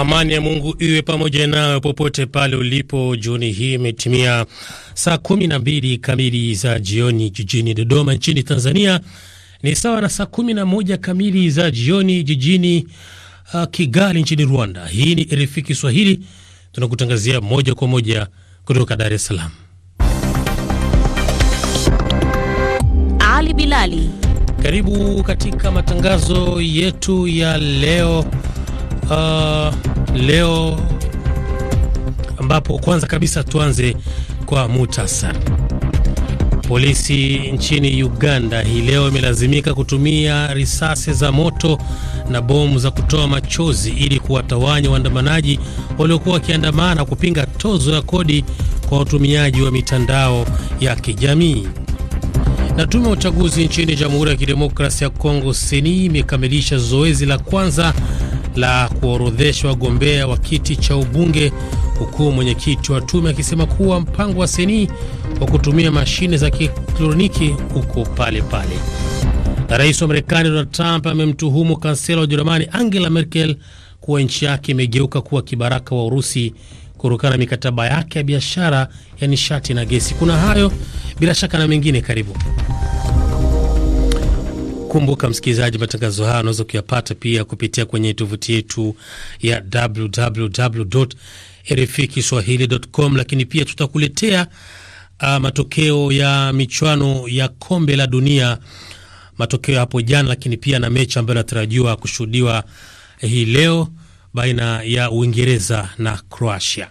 Amani ya Mungu iwe pamoja nawe popote pale ulipo. Jioni hii imetimia saa kumi na mbili kamili za jioni jijini Dodoma nchini Tanzania, ni sawa na saa kumi na moja kamili za jioni jijini uh, Kigali nchini Rwanda. Hii ni RFI Kiswahili, tunakutangazia moja kwa moja kutoka Dar es Salaam. Ali Bilali, karibu katika matangazo yetu ya leo uh, leo ambapo kwanza kabisa tuanze kwa muhtasari. Polisi nchini Uganda hii leo imelazimika kutumia risasi za moto na bomu za kutoa machozi ili kuwatawanya waandamanaji waliokuwa wakiandamana kupinga tozo ya kodi kwa watumiaji wa mitandao ya kijamii. Na tume ya uchaguzi nchini Jamhuri ya Kidemokrasia ya Kongo seni imekamilisha zoezi la kwanza la kuorodhesha wagombea wa kiti cha ubunge, huku mwenyekiti wa tume akisema kuwa mpango wa seni wa kutumia mashine za kielektroniki huko pale pale. rais wa Marekani Donald Trump amemtuhumu kansela wa Ujerumani Angela Merkel kuwa nchi yake imegeuka kuwa kibaraka wa Urusi kutokana na mikataba yake ya biashara ya nishati na gesi. Kuna hayo bila shaka na mengine, karibu Kumbuka msikilizaji, matangazo haya unaweza kuyapata pia kupitia kwenye tovuti yetu ya www RFI kiswahili.com, lakini pia tutakuletea uh, matokeo ya michuano ya kombe la dunia, matokeo hapo jana, lakini pia na mechi ambayo inatarajiwa kushuhudiwa eh, hii leo baina ya Uingereza na Croatia.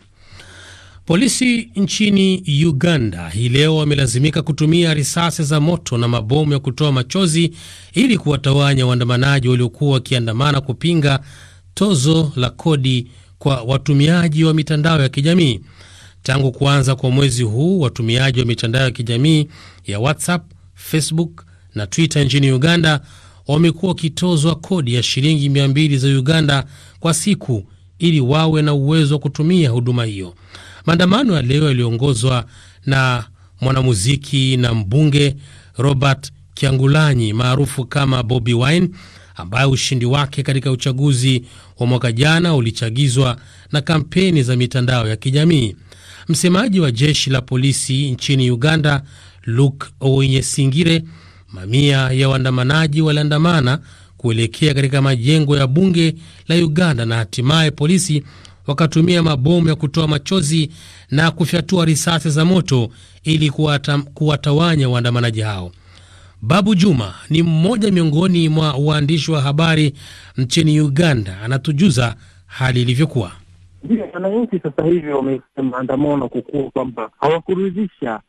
Polisi nchini Uganda hii leo wamelazimika kutumia risasi za moto na mabomu ya kutoa machozi ili kuwatawanya waandamanaji waliokuwa wakiandamana kupinga tozo la kodi kwa watumiaji wa mitandao ya kijamii. Tangu kuanza kwa mwezi huu, watumiaji wa mitandao ya kijamii ya WhatsApp, Facebook na Twitter nchini Uganda wamekuwa wakitozwa kodi ya shilingi 200 za Uganda kwa siku ili wawe na uwezo wa kutumia huduma hiyo. Maandamano ya leo yaliongozwa na mwanamuziki na mbunge Robert Kiangulanyi maarufu kama Bobi Wine ambaye ushindi wake katika uchaguzi wa mwaka jana ulichagizwa na kampeni za mitandao ya kijamii. Msemaji wa jeshi la polisi nchini Uganda, Luke Owenyesingire, mamia ya waandamanaji waliandamana kuelekea katika majengo ya bunge la Uganda na hatimaye polisi wakatumia mabomu ya kutoa machozi na kufyatua risasi za moto ili kuwatawanya waandamanaji hao. Babu Juma ni mmoja miongoni mwa waandishi wa habari nchini Uganda, anatujuza hali ilivyokuwa. Ndio wananchi sasa hivi wamefanya maandamano kukuwa kwamba hawakuridhisha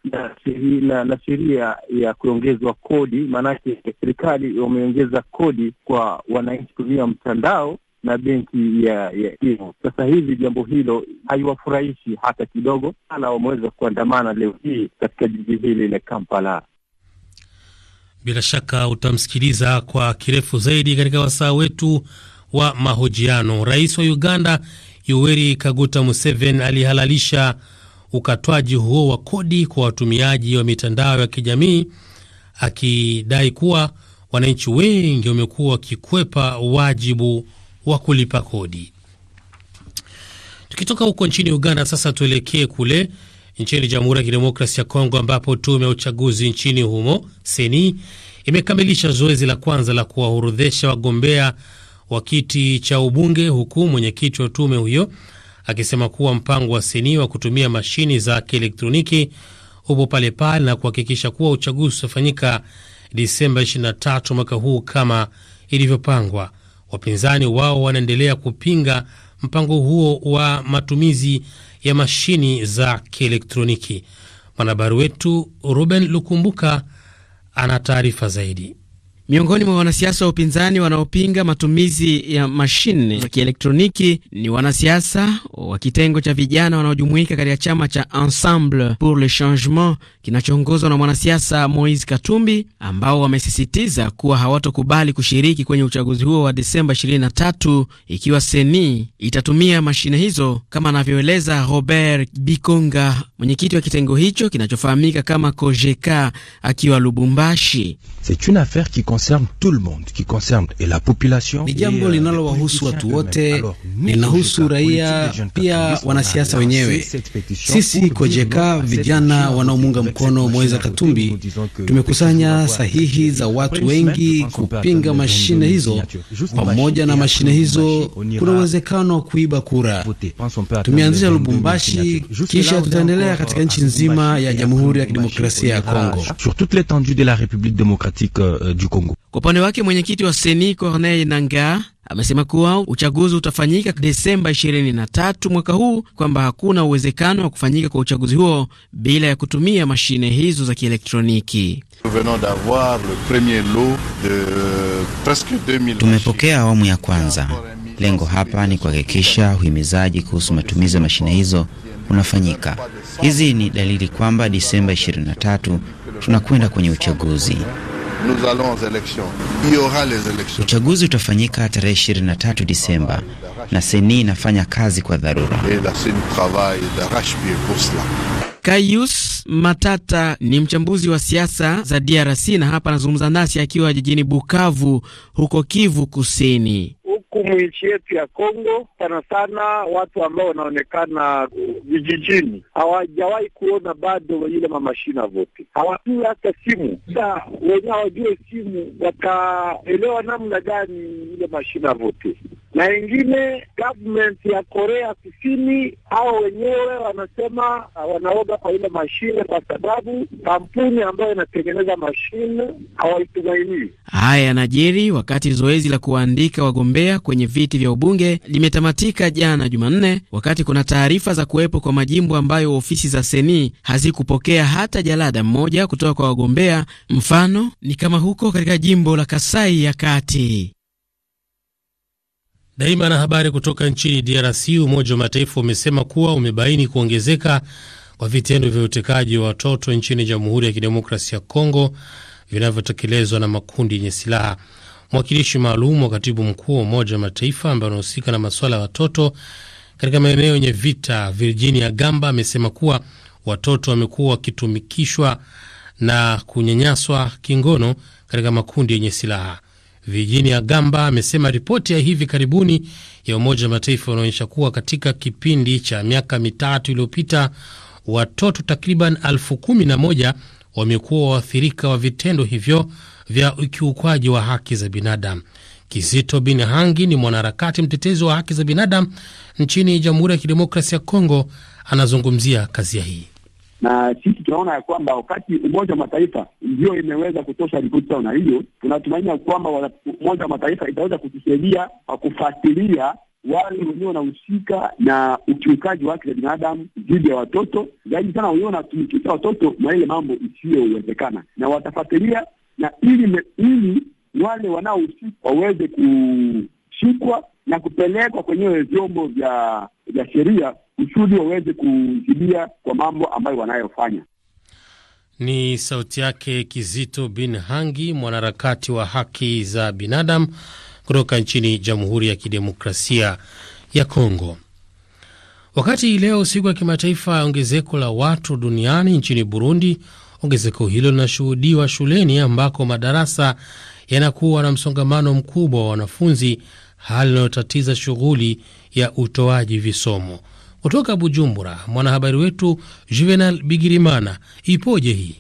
na sheria ya kuongezwa kodi, maanake serikali wameongeza kodi kwa wananchi kutumia mtandao na benki ya ya Imo. Sasa hivi jambo hilo haiwafurahishi hata kidogo, na wameweza kuandamana leo hii katika jiji hili la Kampala. Bila shaka utamsikiliza kwa kirefu zaidi katika wasaa wetu wa mahojiano. Rais wa Uganda Yoweri Kaguta Museveni alihalalisha ukatwaji huo wa kodi kwa watumiaji wa mitandao ya kijamii akidai kuwa wananchi wengi wamekuwa wakikwepa wajibu wa kulipa kodi. Tukitoka huko nchini Uganda, sasa tuelekee kule nchini Jamhuri ya Kidemokrasi ya Kongo, ambapo tume ya uchaguzi nchini humo seni imekamilisha zoezi la kwanza la kuwaorodhesha wagombea wa kiti cha ubunge, huku mwenyekiti wa tume huyo akisema kuwa mpango wa seni wa kutumia mashini za kielektroniki upo pale pale na kuhakikisha kuwa uchaguzi utafanyika Disemba 23 mwaka huu kama ilivyopangwa. Wapinzani wao wanaendelea kupinga mpango huo wa matumizi ya mashini za kielektroniki. Mwanahabari wetu Ruben Lukumbuka ana taarifa zaidi. Miongoni mwa wanasiasa wa upinzani wanaopinga matumizi ya mashine za kielektroniki ni wanasiasa wa kitengo cha vijana wanaojumuika katika chama cha Ensemble pour le Changement kinachoongozwa na mwanasiasa Moise Katumbi, ambao wamesisitiza kuwa hawatokubali kushiriki kwenye uchaguzi huo wa Desemba 23 ikiwa seni itatumia mashine hizo, kama anavyoeleza Robert Bikonga, mwenyekiti wa kitengo hicho kinachofahamika kama Kojeka, akiwa Lubumbashi. Ni jambo euh, linalowahusu watu wote, linahusu raia pia wanasiasa wenyewe. Sisi Kojeka, vijana wanaomunga mkono Moise Katumbi, tumekusanya sahihi za watu wengi kupinga mashine hizo. Pamoja na mashine hizo, kuna uwezekano wa kuiba kura. Tumeanzisha Lubumbashi, kisha tutaendelea katika nchi nzima ya Jamhuri ya Kidemokrasia ya Kongo. Euh, Kwa upande wake mwenyekiti wa Seni Corneille Nangaa amesema kuwa uchaguzi utafanyika Desemba 23 mwaka huu, kwamba hakuna uwezekano wa kufanyika kwa uchaguzi huo bila ya kutumia mashine hizo za kielektroniki. Euh, Tumepokea awamu ya kwanza. Lengo hapa ni kuhakikisha uhimizaji kuhusu matumizi ya mashine hizo unafanyika. Hizi ni dalili kwamba Disemba 23 tunakwenda kwenye uchaguzi. Uchaguzi utafanyika tarehe 23 Disemba na seni inafanya kazi kwa dharura. Kayus Matata ni mchambuzi wa siasa za DRC na hapa anazungumza nasi akiwa jijini Bukavu huko Kivu Kusini huku nchi yetu ya Kongo, sana sana watu ambao wanaonekana eh, vijijini hawajawahi kuona bado ile mamashina vote, hawajui hata simu. Sa wenyewe hawajue simu, wataelewa namna gani ile mashina vote na wengine government ya Korea Kusini hao wenyewe wanasema ah, wanaoga kwa ile mashine, kwa sababu kampuni ambayo inatengeneza mashine hawaitumainii. Haya yanajiri wakati zoezi la kuandika wagombea kugombea kwenye viti vya ubunge limetamatika jana Jumanne, wakati kuna taarifa za kuwepo kwa majimbo ambayo ofisi za seni hazikupokea hata jalada mmoja kutoka kwa wagombea. Mfano ni kama huko katika jimbo la Kasai ya Kati. Daima na habari kutoka nchini DRC. Umoja wa Mataifa umesema kuwa umebaini kuongezeka kwa vitendo vya utekaji wa watoto nchini Jamhuri ya Kidemokrasia ya Kongo vinavyotekelezwa na makundi yenye silaha. Mwakilishi maalum wa katibu mkuu wa Umoja wa Mataifa ambaye anahusika na masuala ya watoto katika maeneo yenye vita, Virginia Gamba, amesema kuwa watoto wamekuwa wakitumikishwa na kunyanyaswa kingono katika makundi yenye silaha. Virginia Gamba amesema ripoti ya hivi karibuni ya Umoja wa Mataifa unaonyesha kuwa katika kipindi cha miaka mitatu iliyopita watoto takriban elfu kumi na moja wamekuwa waathirika wa vitendo hivyo vya ukiukwaji wa haki za binadamu. Kizito Bin Hangi ni mwanaharakati mtetezi wa haki za binadamu nchini Jamhuri ya Kidemokrasia ya Kongo, anazungumzia kazia hii. Na sisi tunaona ya kwamba wakati Umoja wa Mataifa ndio imeweza kutosha ripoti zao, na hiyo tunatumaini kwamba Umoja wa Mataifa itaweza kutusaidia kwa kufuatilia wale wenyewe wanahusika na ukiukaji wa haki za binadamu dhidi ya watoto, zaidi sana wenyewe wanatumikisha watoto na ile mambo isiyowezekana, na watafuatilia na ili, ili wale wanaohusika waweze kushikwa na kupelekwa kwenye vyombo vya vya sheria kusudi waweze kuzuia kwa mambo ambayo wanayofanya. Ni sauti yake Kizito Bin Hangi, mwanaharakati wa haki za binadamu kutoka nchini Jamhuri ya Kidemokrasia ya Kongo. Wakati leo siku ya kimataifa ya ongezeko la watu duniani, nchini Burundi Ongezeko hilo linashuhudiwa shuleni ambako madarasa yanakuwa na msongamano mkubwa wa wanafunzi, hali inayotatiza shughuli ya utoaji visomo. Kutoka Bujumbura, mwanahabari wetu Juvenal Bigirimana, ipoje hii?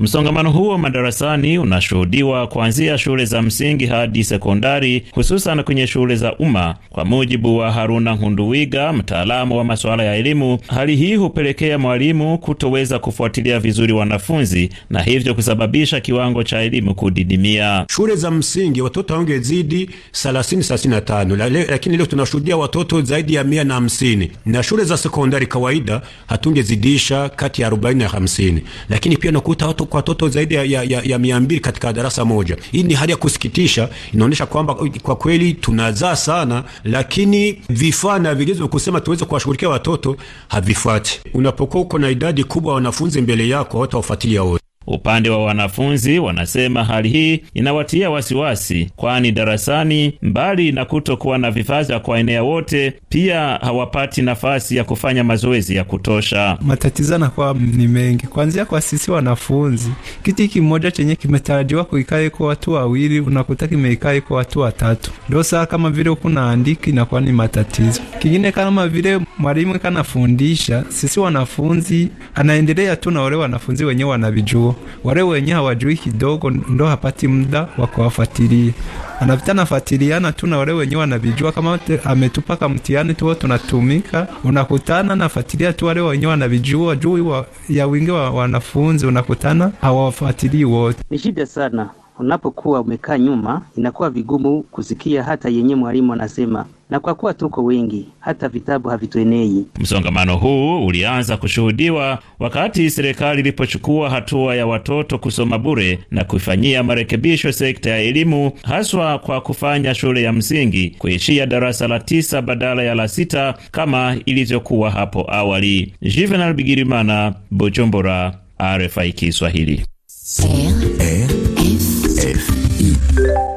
Msongamano huo madarasani unashuhudiwa kuanzia shule za msingi hadi sekondari, hususan kwenye shule za umma. Kwa mujibu wa Haruna Hunduwiga, mtaalamu wa masuala ya elimu, hali hii hupelekea mwalimu kutoweza kufuatilia vizuri wanafunzi na hivyo kusababisha kiwango cha elimu kudidimia. Shule za msingi watoto wangezidi 30 35, lakini leo tunashuhudia watoto zaidi ya 150, na shule za sekondari kawaida hatungezidisha kati ya 40 na 50, lakini pia nakuta watu kwa watoto zaidi ya, ya, ya, ya mia mbili katika darasa moja. Hii ni hali ya kusikitisha, inaonyesha kwamba kwa kweli tunazaa sana, lakini vifaa na vigezo kusema tuweze kuwashughulikia watoto havifuati. Unapokuwa uko na idadi kubwa wanafunzi mbele yako, hawatawafuatilia wote. Upande wa wanafunzi wanasema hali hii inawatia wasiwasi, kwani darasani, mbali na kutokuwa na vifaa vya kuwaenea wote, pia hawapati nafasi ya kufanya mazoezi ya kutosha. Matatizo yanakuwa ni mengi, kwanzia kwa sisi wanafunzi. Kiti kimoja chenye kimetarajiwa kuikae kwa watu wawili unakuta kimeikae kwa watu watatu, ndio saa kama vile ukunaandiki inakuwa ni matatizo. Kingine kama vile mwalimu kanafundisha, sisi wanafunzi anaendelea tu na wale wanafunzi wenyewe wanavijua wale wenye hawajui kidogo ndo hapati muda wa kuwafuatilia, anapita nafuatiliana tu na wale wenye wanavijua. Kama ametupa kamtiani mtihani tu tunatumika, unakutana nafuatilia tu wale wenye wanavijua juu wa, ya wingi wa wanafunzi unakutana hawafuatilii wote, ni shida sana unapokuwa umekaa nyuma, inakuwa vigumu kusikia hata yenye mwalimu anasema, na kwa kuwa tuko wengi, hata vitabu havituenei. Msongamano huu ulianza kushuhudiwa wakati serikali ilipochukua hatua ya watoto kusoma bure na kuifanyia marekebisho sekta ya elimu, haswa kwa kufanya shule ya msingi kuishia darasa la tisa badala ya la sita kama ilivyokuwa hapo awali. Juvenal Bigirimana, Bujumbura, RFI Kiswahili.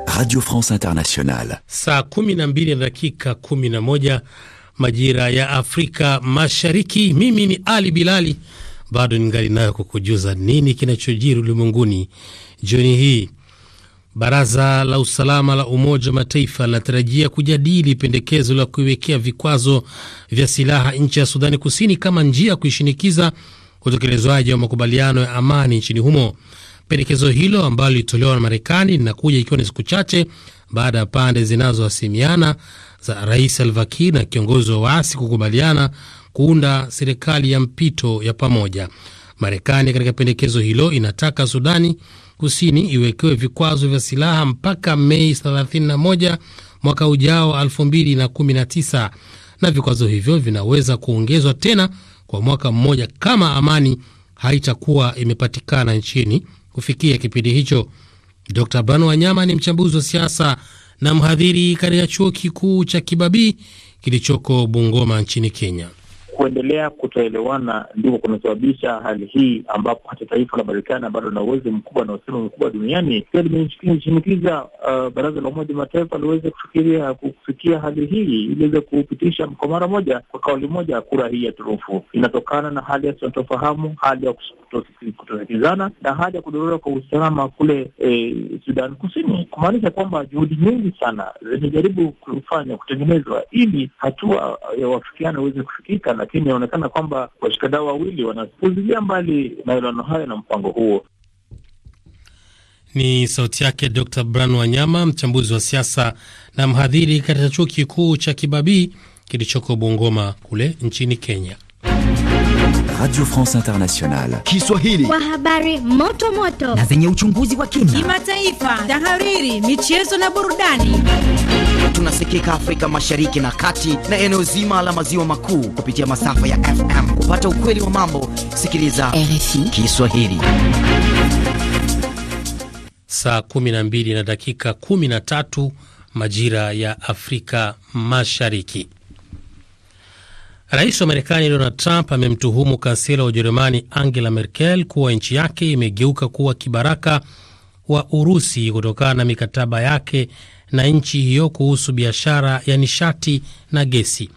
Radio France Internationale. Saa 12 na dakika 11 majira ya Afrika Mashariki. Mimi ni Ali Bilali, bado ningali nayo kukujuza nini kinachojiri ulimwenguni jioni hii. Baraza la usalama la Umoja wa Mataifa linatarajia kujadili pendekezo la kuiwekea vikwazo vya silaha nchi ya Sudani Kusini kama njia ya kuishinikiza utekelezwaji wa makubaliano ya amani nchini humo. Pendekezo hilo ambalo lilitolewa na Marekani linakuja ikiwa ni siku chache baada ya pande zinazohasimiana za Rais Salva Kiir na kiongozi wa waasi kukubaliana kuunda serikali ya mpito ya pamoja. Marekani katika pendekezo hilo inataka Sudani Kusini iwekewe vikwazo vya silaha mpaka Mei 31 mwaka ujao 2019 na vikwazo hivyo vinaweza kuongezwa tena kwa mwaka mmoja kama amani haitakuwa imepatikana nchini kufikia kipindi hicho. Dr Ban Wanyama ni mchambuzi wa siasa na mhadhiri katika chuo kikuu cha Kibabii kilichoko Bungoma nchini Kenya kuendelea kutoelewana ndiko kunasababisha hali hii, ambapo hata taifa la Marekani ambalo lina uwezo mkubwa na usemi mkubwa duniani pia limeshinikiza uh, baraza la Umoja Mataifa liweze kufikiria kufikia hali hii iliweze kupitisha kwa mara moja, kwa kauli moja, kura hii ya turufu. Inatokana na hali ya sintofahamu, hali ya kutosikizana na hali ya kudorora kwa usalama kule eh, Sudan Kusini, kumaanisha kwamba juhudi nyingi sana zimejaribu kufanya kutengenezwa ili hatua ya wafikiano iweze kufikika lakini inaonekana kwamba washikadau wawili wanapuzilia mbali maelewano hayo na mpango huo. Ni sauti yake Dr Bran Wanyama, mchambuzi wa siasa na mhadhiri katika chuo kikuu cha Kibabii kilichoko Bungoma kule nchini Kenya. Radio France Internationale. Kiswahili. Kwa habari moto moto na zenye uchunguzi wa kina, kimataifa, tahariri, michezo na burudani. Tunasikika Afrika Mashariki na Kati na eneo zima la maziwa makuu kupitia masafa ya FM. Kupata ukweli wa mambo, sikiliza RFI Kiswahili. Saa 12 na dakika 13 majira ya Afrika Mashariki. Rais wa Marekani Donald Trump amemtuhumu kansela wa Ujerumani Angela Merkel kuwa nchi yake imegeuka kuwa kibaraka wa Urusi kutokana na mikataba yake na nchi hiyo kuhusu biashara ya nishati na gesi.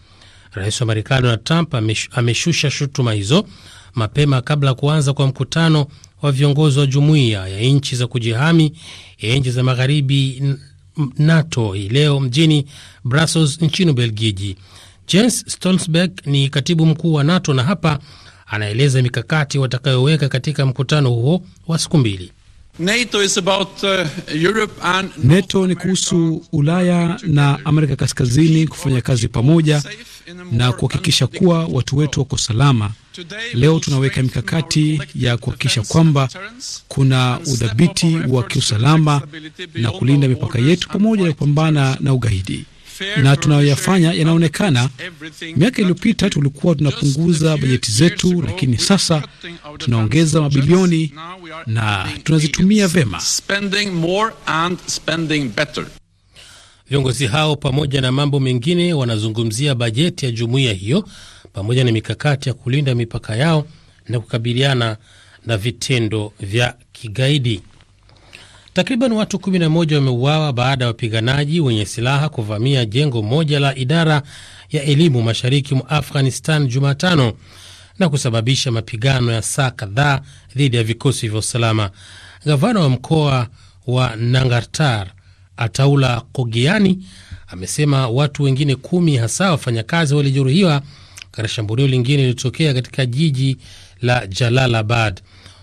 Rais wa Marekani Donald Trump ameshusha shutuma hizo mapema kabla ya kuanza kwa mkutano wa viongozi wa jumuiya ya nchi za kujihami ya nchi za magharibi NATO hii leo mjini Brussels nchini Ubelgiji. Jens Stoltenberg ni katibu mkuu wa NATO na hapa anaeleza mikakati watakayoweka katika mkutano huo wa siku mbili. NATO, is about, uh, and NATO ni kuhusu Ulaya na Amerika Kaskazini kufanya kazi pamoja na kuhakikisha kuwa watu wetu wako salama. Leo tunaweka mikakati ya kuhakikisha kwamba kuna udhabiti wa kiusalama na kulinda mipaka yetu pamoja na kupambana na ugaidi na tunayoyafanya yanaonekana. Miaka iliyopita tulikuwa tunapunguza bajeti zetu, lakini sasa tunaongeza mabilioni na tunazitumia vema. Viongozi hao pamoja na mambo mengine wanazungumzia bajeti ya jumuiya hiyo pamoja na mikakati ya kulinda mipaka yao na kukabiliana na vitendo vya kigaidi. Takriban watu 11 wameuawa baada ya wapiganaji wenye silaha kuvamia jengo moja la idara ya elimu mashariki mwa Afghanistan Jumatano na kusababisha mapigano ya saa kadhaa dhidi ya vikosi vya usalama. Gavana wa mkoa wa Nangartar Ataula Kogiani amesema watu wengine kumi hasa wafanyakazi walijeruhiwa katika shambulio lingine lilitokea katika jiji la Jalalabad.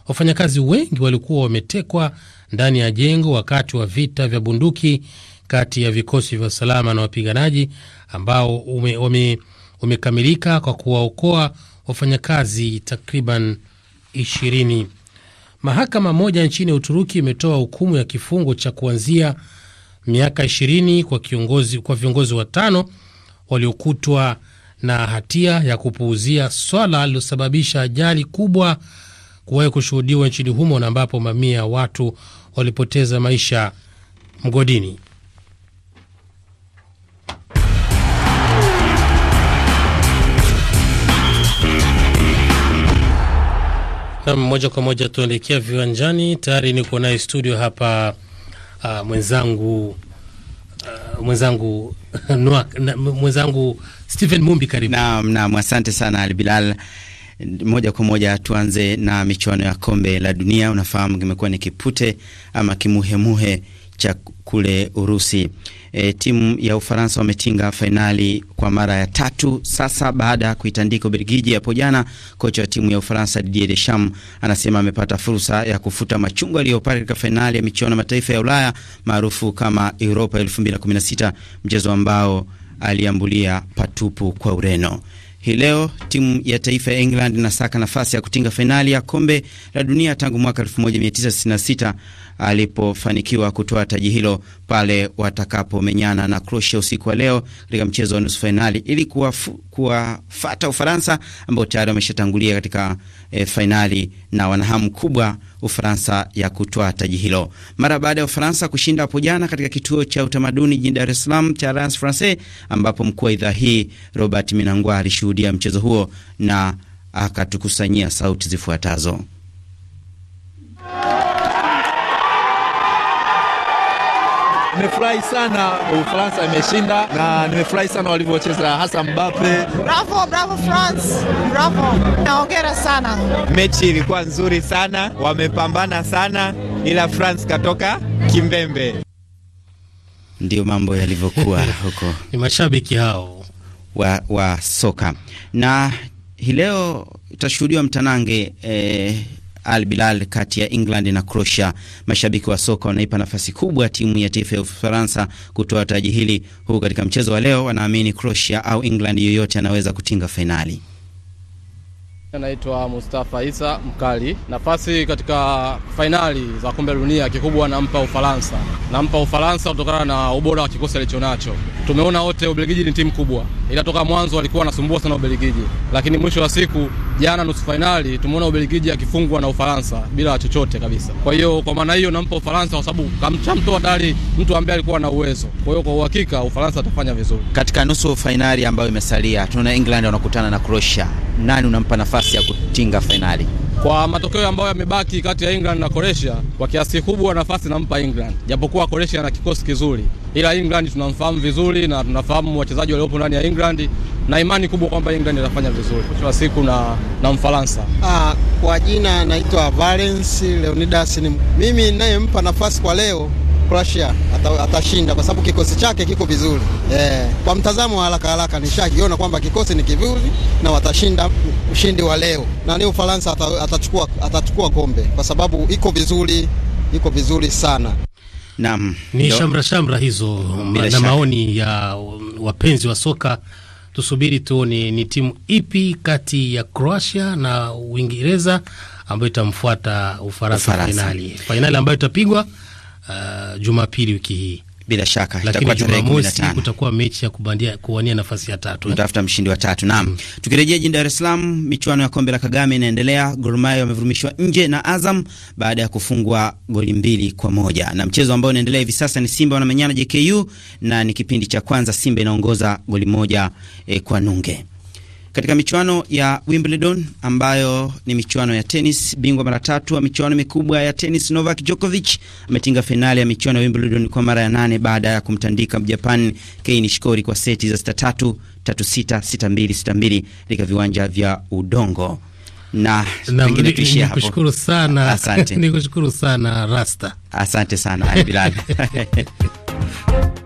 Wafanyakazi wengi walikuwa wametekwa ndani ya jengo wakati wa vita vya bunduki kati ya vikosi vya usalama na wapiganaji ambao ume, ume, umekamilika kwa kuwaokoa wafanyakazi takriban 20. Mahakama moja nchini Uturuki imetoa hukumu ya kifungo cha kuanzia miaka 20 kwa kiongozi, kwa viongozi watano waliokutwa na hatia ya kupuuzia swala lililosababisha ajali kubwa kuwahi kushuhudiwa nchini humo na ambapo mamia ya watu walipoteza maisha mgodini. Nam, moja kwa moja tuelekea viwanjani. Tayari niko naye studio hapa uh, mwenzangu uh, mwenzangu mwenzangu Stephen Mumbi, karibu. Naam, naam, asante sana Albilal moja kwa moja tuanze na michuano ya kombe la dunia. Unafahamu kimekuwa ni kipute ama kimuhemuhe cha kule Urusi. E, timu ya Ufaransa wametinga fainali kwa mara ya tatu sasa baada ya kuitandika Ubelgiji hapo jana. Kocha wa timu ya Ufaransa Didier Deschamps anasema amepata fursa ya kufuta machungu aliyopata katika fainali ya michuano mataifa ya Ulaya maarufu kama Europa 2016 mchezo ambao aliambulia patupu kwa Ureno. Hii leo timu ya taifa ya England inasaka nafasi ya kutinga fainali ya kombe la dunia tangu mwaka 1966 alipofanikiwa kutoa taji hilo pale watakapomenyana na Croatia usiku wa leo katika mchezo wa nusu fainali ili kuwafata Ufaransa ambao tayari wameshatangulia katika e, fainali na wanahamu kubwa Ufaransa ya kutoa taji hilo mara baada ya Ufaransa kushinda hapo jana katika kituo cha utamaduni jijini Dar es Salaam cha Alliance Francaise, ambapo mkuu wa idhaa hii Robert Minangwa alishuhudia mchezo huo na akatukusanyia sauti zifuatazo. Nimefurahi sana Ufaransa imeshinda na nimefurahi sana walivyocheza hasa Mbappe. Bravo, bravo France. Bravo. Naongera sana. Mechi ilikuwa nzuri sana, wamepambana sana ila France katoka kimbembe. Ndio mambo yalivyokuwa huko. Ni mashabiki hao wa, wa soka. Na hii leo itashuhudiwa mtanange eh, Al Bilal kati ya England na Croatia. Mashabiki wa soka wanaipa nafasi kubwa timu ya taifa ya Ufaransa kutoa taji hili, huku katika mchezo wa leo wanaamini Croatia au England yoyote anaweza kutinga fainali. Anaitwa Mustafa Isa Mkali. Nafasi katika fainali za kombe la dunia, kikubwa nampa Ufaransa, nampa Ufaransa kutokana na ubora wa kikosi alichonacho. Tumeona wote Ubelgiji ni timu kubwa, ila toka mwanzo walikuwa wanasumbua sana Ubelgiji, lakini mwisho wa siku, jana nusu fainali, tumeona Ubelgiji akifungwa na Ufaransa bila chochote kabisa. Kwa hiyo kwa maana hiyo nampa Ufaransa kwa sababu kamchamtoa dari mtu ambaye alikuwa na uwezo. Kwa hiyo kwa uhakika Ufaransa atafanya vizuri katika nusu fainali ambayo imesalia. Tunaona England wanakutana na Croatia. Nani unampa nafasi? nafasi ya kutinga fainali. Kwa matokeo ambayo yamebaki kati ya England na Croatia, kwa kiasi kikubwa nafasi nampa England, japokuwa Croatia ana kikosi kizuri, ila England tunamfahamu vizuri na tunafahamu wachezaji waliopo ndani ya England na imani kubwa kwamba England atafanya vizuri kwa siku na, na Mfaransa. Ah, kwa jina naitwa Valence Leonidas. Mimi ninayempa nafasi kwa leo Prussia atashinda kwa sababu kikosi chake kiko vizuri. eh. Kwa mtazamo wa haraka haraka nishakiona kwamba kikosi ni kizuri na watashinda ushindi wa leo. Na ni Ufaransa atachukua atachukua kombe kwa sababu iko vizuri, iko vizuri sana. Naam. Ni shamra shamra hizo Mbira na shaka. Maoni ya wapenzi wa soka tusubiri tuone ni timu ipi kati ya Croatia na Uingereza ambayo itamfuata Ufaransa fainali, fainali ambayo itapigwa uh, Jumapili wiki hii bila shaka, lakini kutakuwa mechi ya kubandia kuwania nafasi ya tatu, eh, mshindi wa tatu. Naam, mm. Tukirejea jijini Dar es Salaam, michuano ya kombe la Kagame inaendelea. Gor Mahia wamevurumishwa nje na Azam baada ya kufungwa goli mbili kwa moja, na mchezo ambao unaendelea hivi sasa ni Simba wanamenyana JKU, na ni kipindi cha kwanza Simba inaongoza goli moja eh, kwa nunge. Katika michuano ya Wimbledon ambayo ni michuano ya tenis, bingwa mara tatu wa michuano mikubwa ya tenis Novak Djokovic ametinga fainali ya michuano ya Wimbledon kwa mara ya nane baada ya kumtandika Mjapani Kei Nishikori kwa seti za sita tatu tatu sita sita mbili sita mbili katika viwanja vya udongo. Na pengine tuishie hapo. Nikushukuru sana. Asante. Nikushukuru sana Rasta. Asante sana Bilal.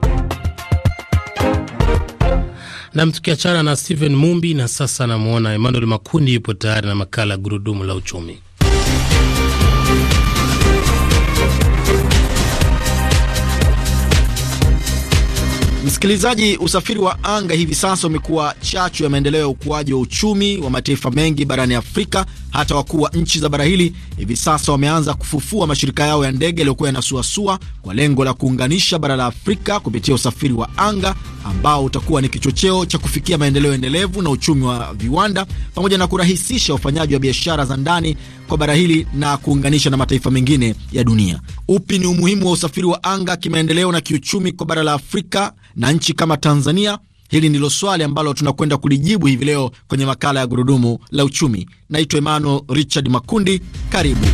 Nam, tukiachana na Stephen Mumbi na sasa anamwona Emmanuel Makundi yupo tayari na makala ya gurudumu la uchumi. Msikilizaji, usafiri wa anga hivi sasa umekuwa chachu ya maendeleo ya ukuaji wa uchumi wa mataifa mengi barani Afrika hata wakuu wa nchi za bara hili hivi sasa wameanza kufufua mashirika yao ya ndege yaliyokuwa yanasuasua kwa lengo la kuunganisha bara la Afrika kupitia usafiri wa anga ambao utakuwa ni kichocheo cha kufikia maendeleo endelevu na uchumi wa viwanda pamoja na kurahisisha ufanyaji wa biashara za ndani kwa bara hili na kuunganisha na mataifa mengine ya dunia. Upi ni umuhimu wa usafiri wa anga kimaendeleo na kiuchumi kwa bara la Afrika na nchi kama Tanzania? Hili ndilo swali ambalo tunakwenda kulijibu hivi leo kwenye makala ya gurudumu la uchumi. Naitwa Emmanuel Richard Makundi, karibu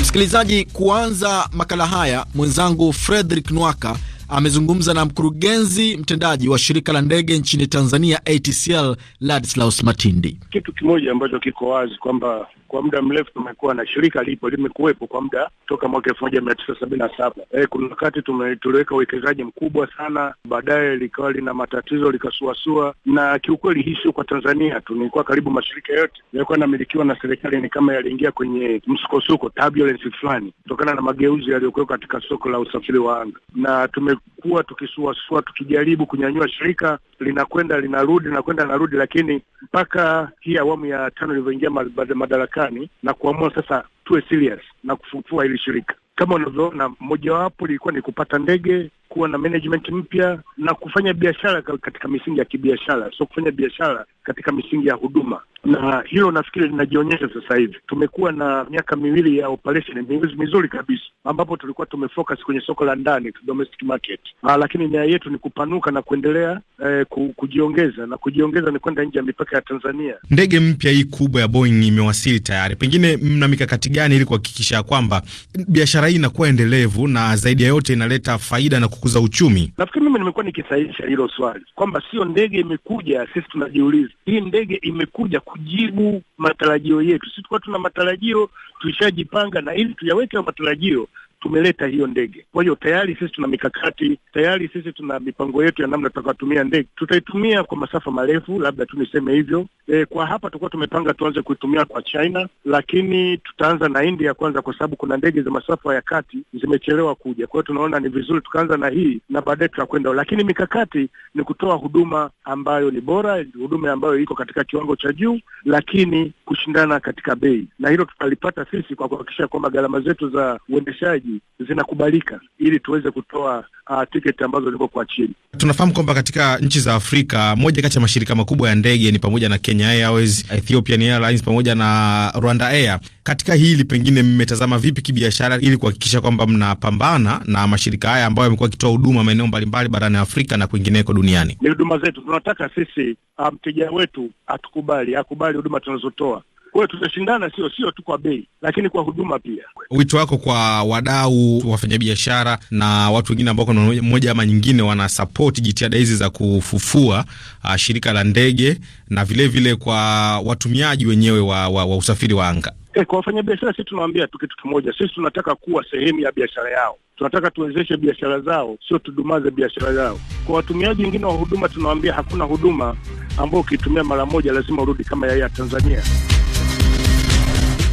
msikilizaji. Kuanza makala haya, mwenzangu Frederick Nwaka amezungumza na mkurugenzi mtendaji wa shirika la ndege nchini Tanzania ATCL, Ladislaus Matindi. Kitu kimoja ambacho kiko wazi kwamba kwa muda mrefu tumekuwa na shirika lipo limekuwepo kwa muda toka mwaka elfu moja mia tisa sabini na saba. E, kuna wakati tuliweka uwekezaji mkubwa sana, baadaye likawa lina matatizo likasuasua, na kiukweli hii sio kwa Tanzania tu, nilikuwa karibu mashirika yote yalikuwa yanamilikiwa na serikali ni kama yaliingia kwenye msukosuko turbulence fulani kutokana na mageuzi yaliyokuwa katika soko la usafiri wa anga na tume tumekuwa tukisuasua tukijaribu kunyanyua shirika, linakwenda linarudi, linakwenda linarudi, lakini mpaka hii awamu ya tano ilivyoingia madarakani na kuamua sasa tuwe serious na kufufua hili shirika, kama unavyoona, mojawapo lilikuwa ni kupata ndege kuwa na management mpya na kufanya biashara katika misingi ya kibiashara, sio kufanya biashara katika misingi ya huduma, na hilo nafikiri linajionyesha sasa hivi. Tumekuwa na miaka miwili ya operation miwezi mizuri kabisa, ambapo tulikuwa tumefocus kwenye soko la ndani domestic market, ah, lakini nia yetu ni kupanuka na kuendelea eh, kujiongeza na kujiongeza ni kwenda nje ya mipaka ya Tanzania. Ndege mpya hii kubwa ya Boeing imewasili tayari, pengine mna mikakati gani ili kuhakikisha kwamba biashara hii inakuwa endelevu na zaidi ya yote inaleta faida na kukuza uchumi? Nafikiri mimi nimekuwa nikisahihisha hilo swali kwamba sio ndege imekuja, sisi tunajiuliza hii ndege imekuja kujibu matarajio yetu. Sisi tulikuwa tuna matarajio, tulishajipanga na ili tuyaweke matarajio tumeleta hiyo ndege. Kwa hiyo tayari sisi tuna mikakati, tayari sisi tuna mipango yetu ya namna tutakayotumia ndege. Tutaitumia kwa masafa marefu, labda tu niseme hivyo. E, kwa hapa tulikuwa tumepanga tuanze kuitumia kwa China, lakini tutaanza na India kwanza, kwa sababu kuna ndege za masafa ya kati zimechelewa kuja. Kwa hiyo tunaona ni vizuri tukaanza na hii na baadaye tutakwenda, lakini mikakati ni kutoa huduma ambayo ni bora, huduma ambayo iko katika kiwango cha juu, lakini kushindana katika bei, na hilo tutalipata sisi kwa kuhakikisha kwamba gharama zetu za uendeshaji mitaji mm, zinakubalika ili tuweze kutoa uh, tiketi ambazo ziko kwa chini. Tunafahamu kwamba katika nchi za Afrika moja kati ya mashirika makubwa ya ndege ni pamoja na Kenya Airways, Ethiopian Airlines pamoja na Rwanda Air. Katika hili pengine mmetazama vipi kibiashara ili kuhakikisha kwamba mnapambana na mashirika haya ambayo yamekuwa yakitoa huduma maeneo mbalimbali barani Afrika na kwingineko duniani? Ni huduma zetu tunataka sisi, ah, mteja um, wetu atukubali, akubali huduma tunazotoa kwa hiyo tutashindana, sio sio tu kwa bei, lakini kwa huduma pia. Wito wako kwa wadau, wafanyabiashara na watu wengine ambao kwa moja ama nyingine wanasapoti jitihada hizi za kufufua uh, shirika la ndege na vilevile vile kwa watumiaji wenyewe wa, wa, wa usafiri wa anga eh, kwa wafanyabiashara, sisi tunawaambia tu kitu kimoja, sisi tunataka kuwa sehemu ya biashara yao tunataka tuwezeshe biashara zao, sio tudumaze biashara zao. Kwa watumiaji wengine wa huduma tunawaambia hakuna huduma ambayo ukiitumia mara moja lazima urudi kama yaya Tanzania.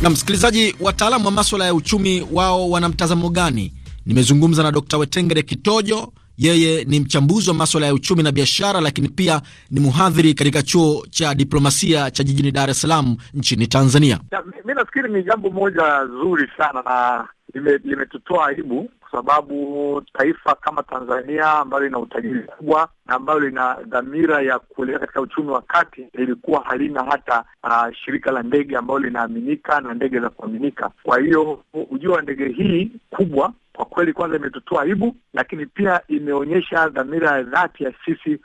Na msikilizaji, wataalamu wa maswala ya uchumi wao wana mtazamo gani? Nimezungumza na Dr. Wetengere Kitojo, yeye ni mchambuzi wa maswala ya uchumi na biashara, lakini pia ni mhadhiri katika chuo cha diplomasia cha jijini Dar es Salaam nchini Tanzania. Mi nafikiri ni jambo moja zuri sana na limetutoa lime aibu sababu taifa kama Tanzania ambalo lina utajiri mkubwa na ambalo lina dhamira ya kuelekea katika uchumi wa kati lilikuwa halina hata uh, shirika la ndege ambalo linaaminika na ndege za kuaminika. Kwa hiyo ujio wa ndege hii kubwa kwa kweli kwanza imetutoa aibu, lakini pia imeonyesha dhamira ya dhati ya sisi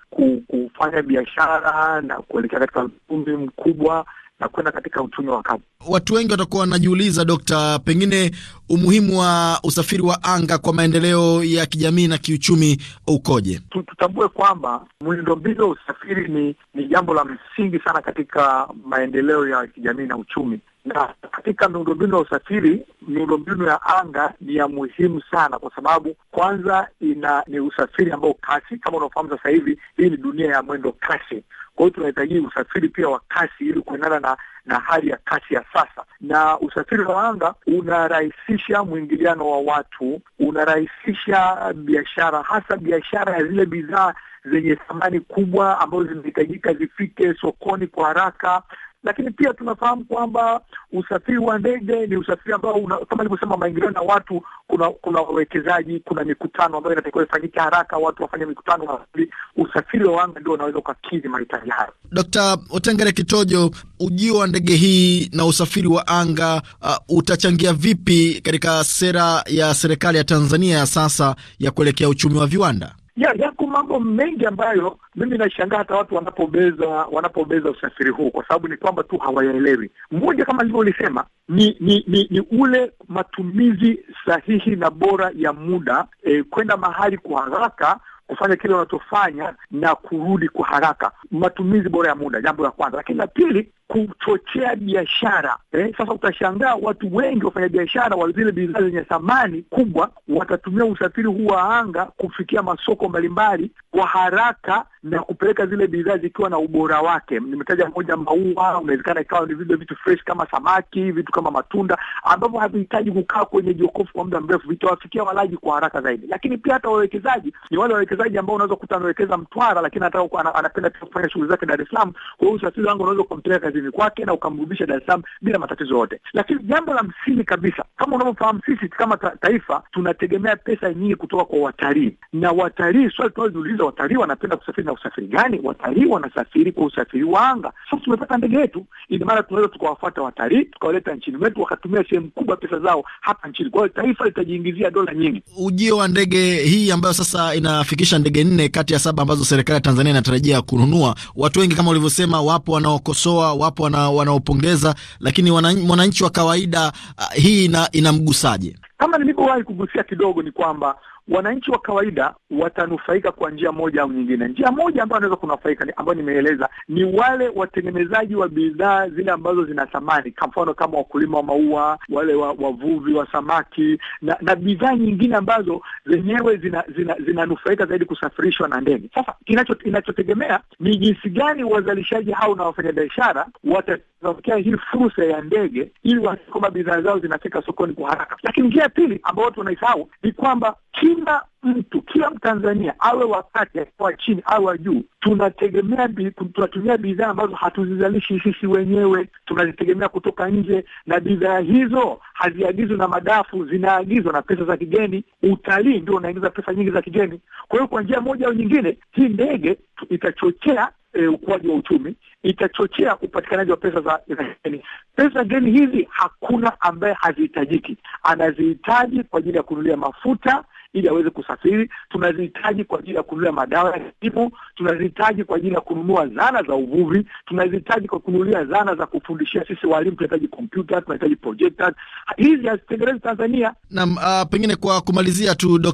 kufanya biashara na kuelekea katika uchumi mkubwa na kwenda katika uchumi wa kati Watu wengi watakuwa wanajiuliza, Dokta, pengine umuhimu wa usafiri wa anga kwa maendeleo ya kijamii na kiuchumi ukoje? Tutambue kwamba miundombinu ya usafiri ni, ni jambo la msingi sana katika maendeleo ya kijamii na uchumi na katika miundombinu ya usafiri, miundombinu ya anga ni ya muhimu sana, kwa sababu kwanza ina ni usafiri ambao kasi, kama unaofahamu sasa hivi, hii ni dunia ya mwendo kasi. Kwa hiyo tunahitaji usafiri pia wa kasi ili kuendana na, na hali ya kasi ya sasa, na usafiri wa anga unarahisisha mwingiliano wa watu, unarahisisha biashara, hasa biashara ya zile bidhaa zenye thamani kubwa ambazo zinahitajika zifike sokoni kwa haraka lakini pia tunafahamu kwamba usafiri wa ndege ni usafiri ambao kama ilivyosema maingiliano na watu, kuna kuna wawekezaji, kuna mikutano ambayo inatakiwa ifanyike haraka, watu wafanye mikutano wazuri. Usafiri wa anga ndio unaweza ukakidhi mahitaji hayo. d Otengere Kitojo, ujio wa ndege hii na usafiri wa anga uh, utachangia vipi katika sera ya serikali ya Tanzania ya sasa ya kuelekea uchumi wa viwanda? ya yako mambo mengi ambayo mimi naishangaa hata watu wanapobeza wanapobeza usafiri huu, kwa sababu ni kwamba tu hawaelewi Mmoja kama alivyolisema ni ni, ni ni ule matumizi sahihi na bora ya muda e, kwenda mahali kwa haraka kufanya kile unachofanya na kurudi kwa haraka. Matumizi bora ya muda, jambo la kwanza. Lakini la pili, kuchochea biashara eh. Sasa utashangaa watu wengi wafanya biashara wa zile bidhaa zenye thamani kubwa watatumia usafiri huu wa anga kufikia masoko mbalimbali kwa haraka na kupeleka zile bidhaa zikiwa na ubora wake. Nimetaja moja, maua, unawezekana ikawa ni vile vitu fresh kama samaki, vitu kama matunda ambavyo havihitaji kukaa kwenye jokofu kwa muda mrefu, vitawafikia walaji kwa haraka zaidi. Lakini pia hata wawekezaji ni wale wawekezaji ambao unaweza kuta anawekeza Mtwara, lakini anataka anapenda pia kufanya shughuli zake Dar es Salaam. Kwa hiyo usafiri wangu unaweza ukampeleka kazi kazini kwake na ukamrudisha Dar es Salaam bila matatizo yote. Lakini jambo la msingi kabisa, kama unavyofahamu, sisi kama ta taifa tunategemea pesa nyingi kutoka kwa watalii, na watalii, swali tunalojiuliza, watalii wanapenda kusafiri na usafiri gani? Watalii wanasafiri kwa usafiri wa anga. Sasa tumepata ndege yetu, ina maana tunaweza tukawafuata watalii tukawaleta nchini mwetu, wakatumia sehemu kubwa pesa zao hapa nchini. Kwa hiyo taifa litajiingizia dola nyingi. Ujio wa ndege hii ambayo sasa inafikisha ndege nne kati ya saba ambazo serikali ya Tanzania inatarajia kununua, watu wengi kama ulivyosema, wapo wanaokosoa wapo wanaopongeza, lakini mwananchi wa kawaida uh, hii ina, inamgusaje? Kama nilivyowahi kugusia kidogo, ni kwamba wananchi wa kawaida watanufaika kwa njia moja au nyingine. Njia moja ambayo wanaweza kunufaika ambayo nimeeleza ni wale watengenezaji wa bidhaa zile ambazo zina thamani, kwa mfano kama wakulima wa maua, wale wavuvi wa, wa samaki na, na bidhaa nyingine ambazo zenyewe zinanufaika zina, zina zaidi kusafirishwa na ndege. Sasa kinachotegemea ni jinsi gani wazalishaji hao na wafanyabiashara wata kuwapatia hii fursa ya ndege ili wahakikishe kwamba bidhaa zao zinafika sokoni kwa haraka. Lakini njia ya pili ambayo watu wanaisahau ni kwamba kila mtu kila Mtanzania awe wakati wa chini au wa juu, tunategemea tunatumia bidhaa ambazo hatuzizalishi sisi wenyewe, tunazitegemea kutoka nje, na bidhaa hizo haziagizwi na madafu, zinaagizwa na pesa za kigeni. Utalii ndio unaingiza pesa nyingi za kigeni. Kwa hiyo kwa njia moja au nyingine, hii ndege itachochea e, ukuaji wa uchumi, itachochea upatikanaji wa pesa za geni. Pesa geni hizi hakuna ambaye hazihitajiki, anazihitaji kwa ajili ya kununulia mafuta ili aweze kusafiri. Tunazihitaji kwa ajili ya kununua madawa ya kilimo, tunazihitaji kwa ajili ya kununua zana za uvuvi, tunazihitaji kwa kununulia zana za kufundishia sisi walimu. Tunahitaji kompyuta, tunahitaji projectors, hizi hazitengenezi Tanzania. Naam, uh, pengine kwa kumalizia tu d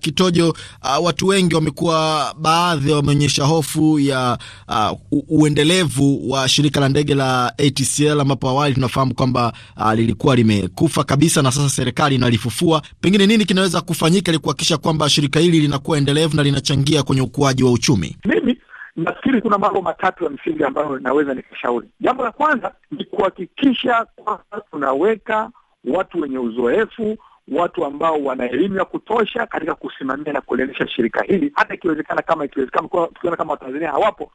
Kitojo, uh, watu wengi wamekuwa, baadhi wameonyesha hofu ya uh, uendelevu wa shirika la ndege la ATCL ambapo awali tunafahamu kwamba uh, lilikuwa limekufa kabisa na sasa serikali inalifufua. Pengine nini kinaweza kufanyika serikali kuhakikisha kwamba shirika hili linakuwa endelevu na linachangia kwenye ukuaji wa uchumi? Mimi nafikiri kuna mambo matatu ya msingi ambayo naweza nikashauri. Jambo la kwanza ni kuhakikisha kwamba tunaweka watu wenye uzoefu watu ambao wana elimu ya kutosha katika kusimamia na kuliendesha shirika hili, hata ikiwezekana, kama ikiwezekana, tukiona kama Watanzania hawapo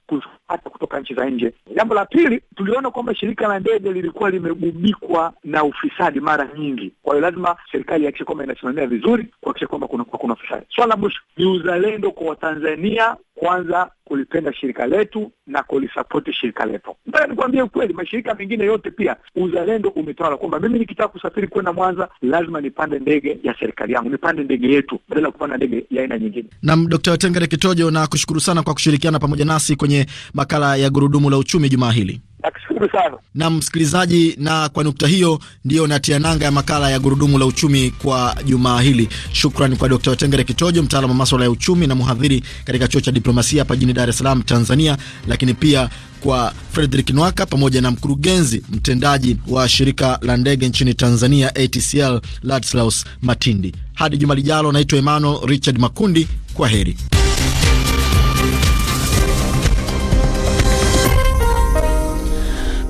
hata kutoka nchi za nje. Jambo la pili, tuliona kwamba shirika la ndege lilikuwa limegubikwa na ufisadi mara nyingi. Kwa hiyo lazima serikali ihakikishe kwamba inasimamia vizuri, kuhakikisha kwamba kuna, kuna ufisadi. Swala la mwisho ni uzalendo kwa Watanzania kwanza kulipenda shirika letu na kulisapoti shirika letu. Nataka nikwambie ukweli, mashirika mengine yote pia uzalendo umetawala, kwamba mimi nikitaka kusafiri kwenda Mwanza lazima nipande ndege ya serikali yangu, nipande ndege yetu badala ya kupanda ndege ya aina nyingine. Nam Dkt. tengere Kitojo, na kushukuru sana kwa kushirikiana pamoja nasi kwenye makala ya Gurudumu la Uchumi jumaa hili. Nakushukuru sana na msikilizaji, na kwa nukta hiyo ndiyo natia nanga ya makala ya gurudumu la uchumi kwa jumaa hili. Shukran kwa Dr. watengere Kitojo, mtaalamu wa maswala ya uchumi na mhadhiri katika chuo cha diplomasia hapa jijini Dar es Salaam, Tanzania, lakini pia kwa Frederick Nwaka pamoja na mkurugenzi mtendaji wa shirika la ndege nchini Tanzania ATCL Ladislaus Matindi. Hadi juma lijalo, naitwa Emmanuel Richard Makundi. Kwa heri.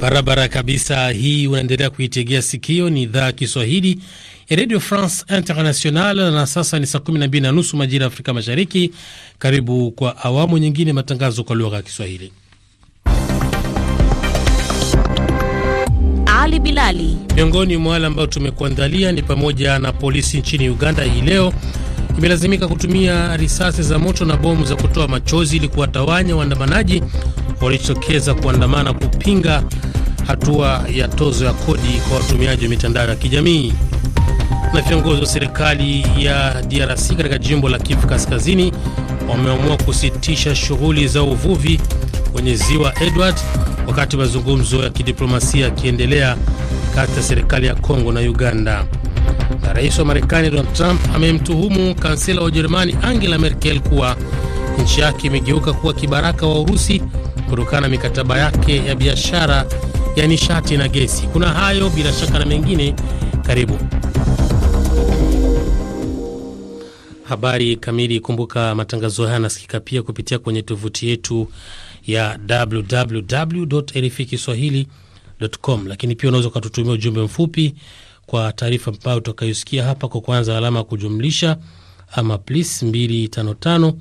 Barabara kabisa, hii unaendelea kuitegea sikio, ni idhaa ya Kiswahili ya Radio France International, na sasa ni saa 12 na nusu majira ya Afrika Mashariki. Karibu kwa awamu nyingine, matangazo kwa lugha ya Kiswahili. Ali Bilali. Miongoni mwa wale ambao tumekuandalia ni pamoja na polisi nchini Uganda hii leo imelazimika kutumia risasi za moto na bomu za kutoa machozi ili kuwatawanya waandamanaji waliojitokeza kuandamana kupinga hatua ya tozo ya kodi kwa watumiaji wa mitandao ya kijamii. Na viongozi wa serikali ya DRC katika jimbo la Kivu Kaskazini wameamua kusitisha shughuli za uvuvi kwenye ziwa Edward wakati mazungumzo ya kidiplomasia yakiendelea kati ya serikali ya Kongo na Uganda na rais wa Marekani Donald Trump amemtuhumu kansela wa Ujerumani Angela Merkel kuwa nchi yake imegeuka kuwa kibaraka wa Urusi kutokana na mikataba yake ya biashara ya nishati na gesi. Kuna hayo bila shaka na mengine, karibu habari kamili. Kumbuka matangazo haya yanasikika pia kupitia kwenye tovuti yetu ya www.rfikiswahili.com, lakini pia unaweza ukatutumia ujumbe mfupi kwa taarifa mbayo utakayosikia hapa kwa kwanza, alama ya kujumlisha ama plis 255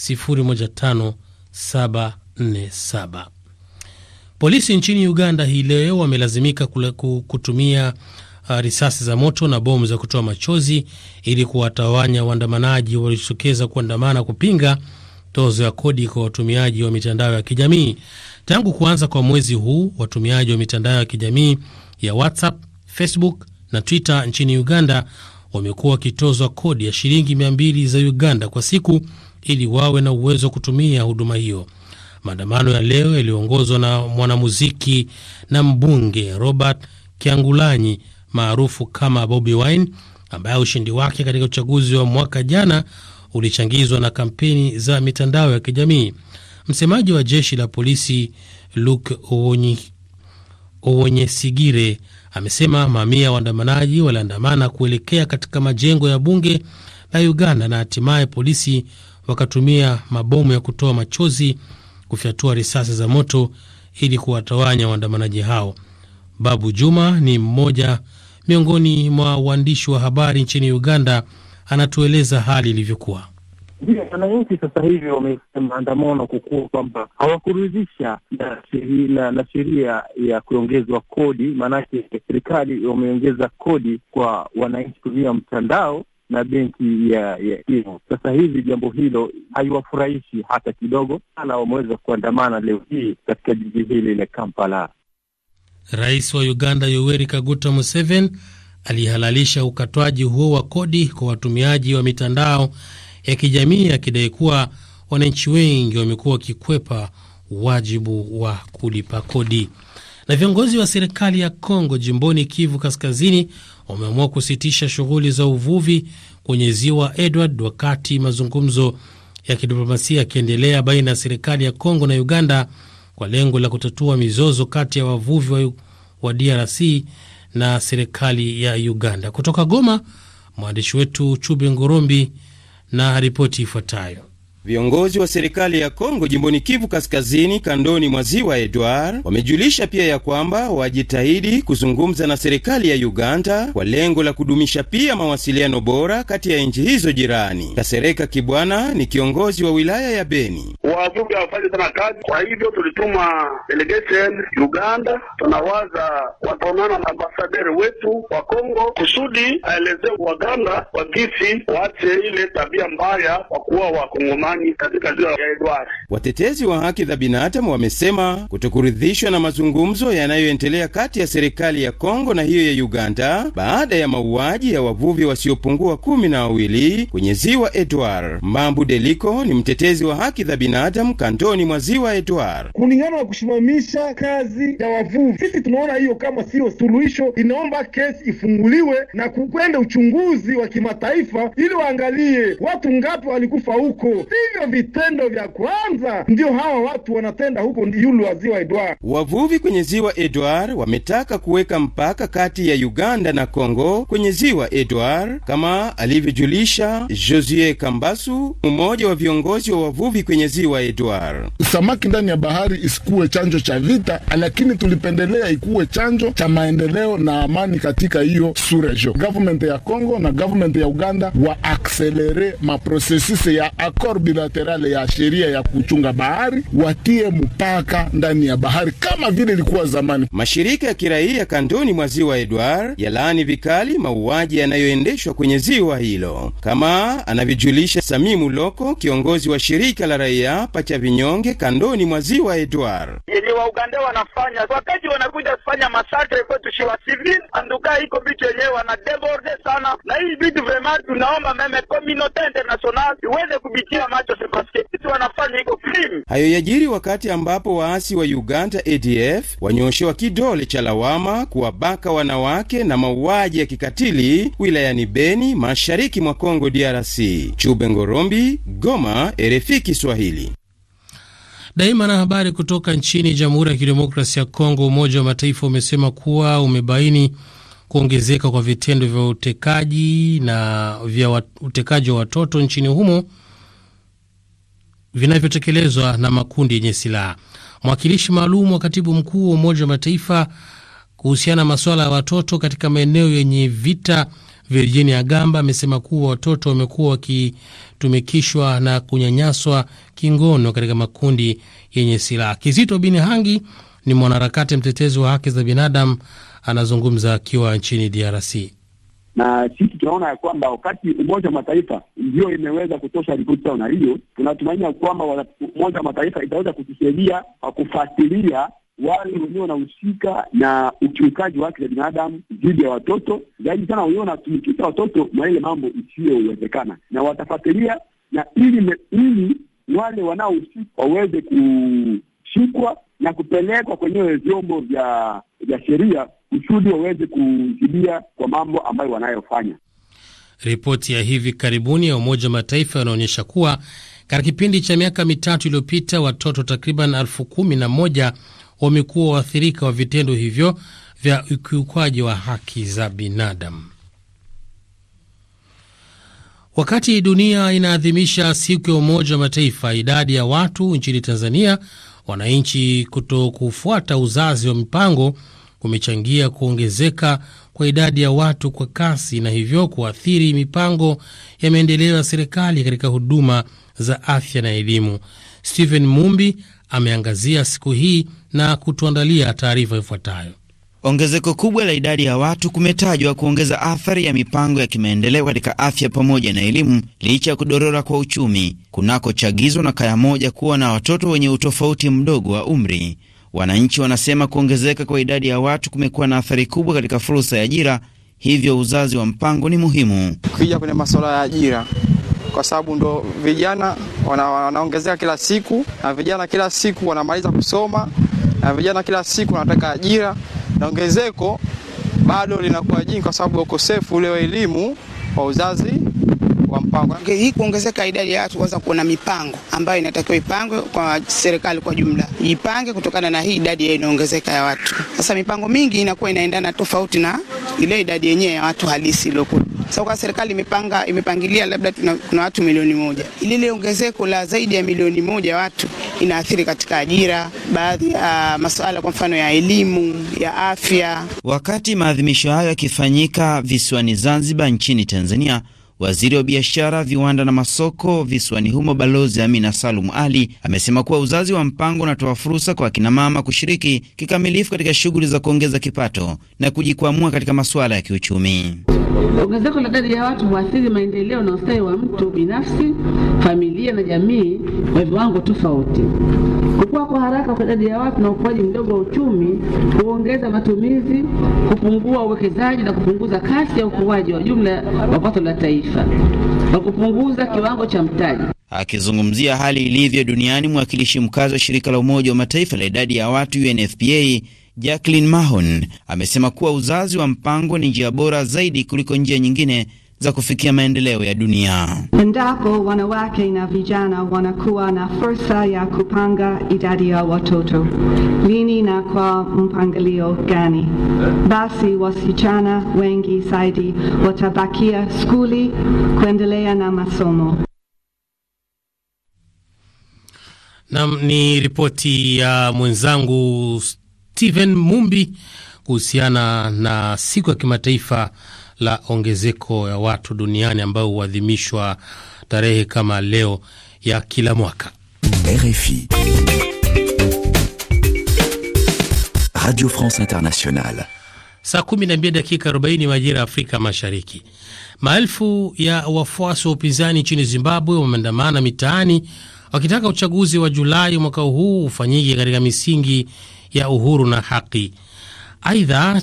764 Polisi nchini Uganda hii leo wamelazimika kutumia uh, risasi za moto na bomu za kutoa machozi ili kuwatawanya waandamanaji waliojitokeza kuandamana kupinga tozo ya kodi kwa watumiaji wa mitandao ya kijamii. Tangu kuanza kwa mwezi huu, watumiaji wa mitandao ya kijamii ya WhatsApp, Facebook na Twitter nchini Uganda wamekuwa wakitozwa kodi ya shilingi 200 za Uganda kwa siku ili wawe na uwezo wa kutumia huduma hiyo. Maandamano ya leo yaliyoongozwa na mwanamuziki na mbunge Robert Kyangulanyi maarufu kama Bobi Wine, ambaye ushindi wake katika uchaguzi wa mwaka jana ulichangizwa na kampeni za mitandao ya kijamii. Msemaji wa jeshi la polisi Luke Owonyesigire amesema mamia waandamanaji waliandamana kuelekea katika majengo ya bunge la Uganda na hatimaye polisi wakatumia mabomu ya kutoa machozi kufyatua risasi za moto ili kuwatawanya waandamanaji hao. Babu Juma ni mmoja miongoni mwa waandishi wa habari nchini Uganda, anatueleza hali ilivyokuwa. Ndio wananchi sasa hivi wamefanya maandamano kukua kwamba hawakuridhisha na sheria ya kuongezwa kodi, maanake serikali wameongeza kodi kwa wananchi kutumia mtandao na benki ya ya hiyo. Sasa hivi jambo hilo haiwafurahishi hata kidogo, na wameweza kuandamana leo hii katika jiji hili la Kampala. Rais wa Uganda Yoweri Kaguta Museveni alihalalisha ukatwaji huo wa kodi kwa watumiaji wa mitandao ya kijamii akidai kuwa wananchi wengi wamekuwa wakikwepa wajibu wa kulipa kodi. Na viongozi wa serikali ya Kongo jimboni Kivu Kaskazini wameamua kusitisha shughuli za uvuvi kwenye ziwa Edward wakati mazungumzo ya kidiplomasia yakiendelea baina ya serikali ya Kongo na Uganda kwa lengo la kutatua mizozo kati ya wavuvi wa, wa DRC na serikali ya Uganda. Kutoka Goma, mwandishi wetu Chube Ngorombi na ripoti ifuatayo. Viongozi wa serikali ya Kongo jimboni Kivu Kaskazini, kandoni mwa ziwa Edward, wamejulisha pia ya kwamba wajitahidi kuzungumza na serikali ya Uganda kwa lengo la kudumisha pia mawasiliano bora kati ya nchi hizo jirani. Kasereka Kibwana ni kiongozi wa wilaya ya Beni. Wajumbe hawafanyi sana kazi, kwa hivyo tulituma delegation Uganda. Tunawaza wataonana na ambasaderi wetu wa Kongo kusudi aelezee Waganda wagisi waache ile tabia mbaya wakuwa kuwa Wakongomani amani katika ziwa ya Edward. Watetezi wa haki za binadamu wamesema kutokuridhishwa na mazungumzo yanayoendelea kati ya serikali ya Kongo na hiyo ya Uganda baada ya mauaji ya wavuvi wasiopungua kumi na wawili kwenye ziwa Edward. Mambu Deliko ni mtetezi wa haki za binadamu kantoni mwa ziwa Edward. Kulingana na kusimamisha kazi ya wavuvi, sisi tunaona hiyo kama siyo suluhisho, inaomba kesi ifunguliwe na kukwenda uchunguzi wa kimataifa ili waangalie watu ngapi walikufa huko hivyo vitendo vya kwanza ndio hawa watu wanatenda huko yulu wa ziwa Edward. Wavuvi kwenye ziwa Edward wametaka kuweka mpaka kati ya Uganda na Kongo kwenye ziwa Edward, kama alivyojulisha Josie Kambasu, mmoja wa viongozi wa wavuvi kwenye ziwa Edward. Samaki ndani ya bahari isikuwe chanjo cha vita, lakini tulipendelea ikuwe chanjo cha maendeleo na amani katika hiyo surejo. Government ya Kongo na government ya Uganda waakselere maprosesise ya akord bilaterale ya sheria ya kuchunga bahari watie mpaka ndani ya bahari kama vile ilikuwa zamani. Mashirika ya kiraia kandoni mwa ziwa Edward yalaani vikali mauaji yanayoendeshwa kwenye ziwa hilo, kama anavyojulisha Samimu Loko, kiongozi wa shirika la raia pacha vinyonge kandoni mwa ziwa Edward. Yenye Wauganda wanafanya wakati wanakuja kufanya masakre kwetu shiwa civil anduka, iko vitu yenyewe wana wanadeborde sana, na hii vitu vrema tunaomba meme kominote internasional iweze kubitia macho wanafanya iko Hayo yajiri wakati ambapo waasi wa Uganda ADF wanyoshewa kidole cha lawama kuwabaka wanawake na mauaji ya kikatili wilayani Beni, mashariki mwa congo DRC. Chube Ngorombi, Goma, RFI Kiswahili. Daima na habari kutoka nchini Jamhuri ya kidemokrasi ya Kongo. Umoja wa Mataifa umesema kuwa umebaini kuongezeka kwa vitendo vya utekaji na vya utekaji wa watoto nchini humo vinavyotekelezwa na makundi yenye silaha. Mwakilishi maalum wa katibu mkuu wa Umoja wa Mataifa kuhusiana na masuala ya watoto katika maeneo yenye vita Virginia Gamba amesema kuwa watoto wamekuwa wakitumikishwa na kunyanyaswa kingono katika makundi yenye silaha. Kizito Bin Hangi ni mwanaharakati mtetezi wa haki za binadamu, anazungumza akiwa nchini DRC na sisi tunaona ya kwamba wakati Umoja wa Mataifa ndio imeweza kutosha ripoti yao, na hiyo, tunatumaini ya kwamba Umoja wa Mataifa itaweza kutusaidia kwa kufuatilia wale wenyewe wanahusika na ukiukaji wa haki za binadamu dhidi ya watoto, zaidi sana wenyewe wanatumikisha watoto na ile mambo isiyowezekana, na watafuatilia na ili wale wanaohusika waweze kushikwa na kupelekwa kwenye vyombo vya vya sheria kusudi waweze kujibia kwa mambo ambayo wanayofanya. Ripoti ya hivi karibuni ya Umoja wa Mataifa inaonyesha kuwa katika kipindi cha miaka mitatu iliyopita watoto takriban elfu kumi na moja wamekuwa waathirika wa vitendo hivyo vya ukiukwaji wa haki za binadamu. Wakati dunia inaadhimisha siku ya Umoja wa Mataifa, idadi ya watu nchini Tanzania wananchi kuto kufuata uzazi wa mipango kumechangia kuongezeka kwa idadi ya watu kwa kasi na hivyo kuathiri mipango ya maendeleo ya serikali katika huduma za afya na elimu. Stephen Mumbi ameangazia siku hii na kutuandalia taarifa ifuatayo. Ongezeko kubwa la idadi ya watu kumetajwa kuongeza athari ya mipango ya kimaendeleo katika afya pamoja na elimu, licha ya kudorora kwa uchumi kunakochagizwa na kaya moja kuwa na watoto wenye utofauti mdogo wa umri. Wananchi wanasema kuongezeka kwa idadi ya watu kumekuwa na athari kubwa katika fursa ya ajira, hivyo uzazi wa mpango ni muhimu. Ukija kwenye masuala ya ajira kwa sababu ndo vijana wanaongezeka kila siku, na vijana kila siku wanamaliza kusoma, na vijana kila siku wanataka ajira na ongezeko bado linakuwa jingi, kwa sababu ya ukosefu ule wa elimu wa uzazi kwa mpango. Hii kuongezeka idadi ya watu, kwanza kuna mipango ambayo inatakiwa ipangwe kwa serikali kwa jumla, ipange kutokana na hii idadi inaongezeka ya watu. Sasa mipango mingi inakuwa inaendana tofauti na ile idadi yenyewe ya watu halisi iliyokuwa. Sasa kwa serikali imepanga imepangilia labda tuna, kuna watu milioni moja, lile ongezeko la zaidi ya milioni moja watu inaathiri katika ajira, baadhi ya masuala kwa mfano ya elimu, ya afya. Wakati maadhimisho hayo yakifanyika visiwani Zanzibar nchini Tanzania Waziri wa biashara, viwanda na masoko visiwani humo Balozi Amina Salum Ali amesema kuwa uzazi wa mpango unatoa fursa kwa akinamama kushiriki kikamilifu katika shughuli za kuongeza kipato na kujikwamua katika masuala ya kiuchumi. Ongezeko la idadi ya watu huathiri maendeleo na ustawi wa mtu binafsi, familia na jamii kwa viwango tofauti. Kukua kwa haraka kwa idadi ya watu na ukuaji mdogo wa uchumi huongeza matumizi, kupungua uwekezaji na kupunguza kasi ya ukuaji wa jumla wa pato la taifa kwa kupunguza kiwango cha mtaji. Akizungumzia hali ilivyo duniani, mwakilishi mkazi wa shirika la Umoja wa Mataifa la idadi ya watu UNFPA Jacqueline Mahon amesema kuwa uzazi wa mpango ni njia bora zaidi kuliko njia nyingine za kufikia maendeleo ya dunia. Endapo wanawake na vijana wanakuwa na fursa ya kupanga idadi ya watoto, lini na kwa mpangilio gani, basi wasichana wengi zaidi watabakia skuli kuendelea na masomo. Nam ni ripoti ya mwenzangu Steven Mumbi kuhusiana na siku ya kimataifa la ongezeko ya watu duniani ambayo huadhimishwa tarehe kama leo ya kila mwaka. RFI Radio France Internationale. Saa 12 dakika 40 majira ya Afrika Mashariki. Maelfu ya wafuasi wa upinzani nchini Zimbabwe wameandamana mitaani wakitaka uchaguzi wa Julai mwaka huu ufanyike katika misingi ya uhuru na haki. Aidha,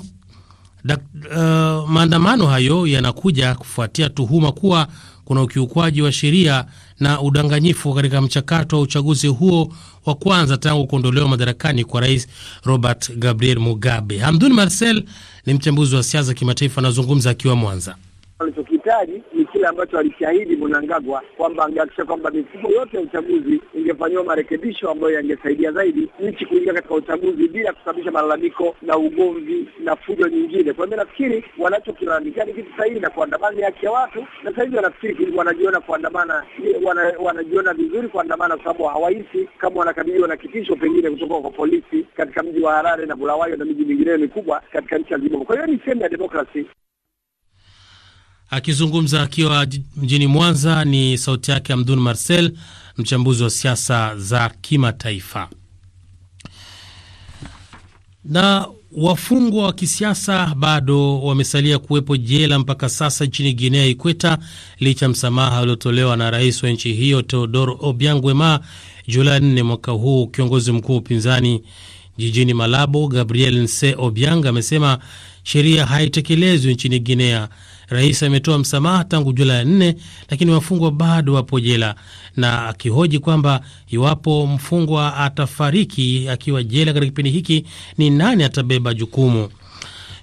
uh, maandamano hayo yanakuja kufuatia tuhuma kuwa kuna ukiukwaji wa sheria na udanganyifu katika mchakato wa uchaguzi huo wa kwanza tangu kuondolewa madarakani kwa rais Robert Gabriel Mugabe. Hamdun Marcel ni mchambuzi wa siasa kimataifa, anazungumza akiwa Mwanza hatari ni kile ambacho alishahidi Mnangagwa kwamba angehakikisha kwamba mifumo yote ya uchaguzi ingefanyiwa marekebisho ambayo yangesaidia zaidi nchi kuingia katika uchaguzi bila kusababisha malalamiko na ugomvi na fujo nyingine. Kwa hiyo nafikiri wanachokilalamikia ni kitu sahihi, na kuandamana ni haki ya watu, na sasa hivi wanafikiri wanajiona kuandamana, wana, wanajiona vizuri kuandamana, kwa sababu hawahisi kama wanakabiliwa na kitisho pengine kutoka kwa polisi katika mji wa Harare na Bulawayo na miji mingineyo mikubwa katika nchi ya Zimbabwe. Kwa hiyo ni sehemu ya demokrasi. Akizungumza akiwa mjini Mwanza, ni sauti yake Amdun Marcel, mchambuzi wa siasa za kimataifa. Na wafungwa wa kisiasa bado wamesalia kuwepo jela mpaka sasa nchini Guinea Ikweta, licha msamaha uliotolewa na rais wa nchi hiyo Teodoro Obiang Julai 4 mwaka huu. Kiongozi mkuu wa upinzani jijini Malabo, Gabriel Nse Obiang, amesema sheria haitekelezwi nchini Guinea. Rais ametoa msamaha tangu Julai 4, lakini wafungwa bado wapo jela, na akihoji kwamba iwapo mfungwa atafariki akiwa jela katika kipindi hiki, ni nani atabeba jukumu?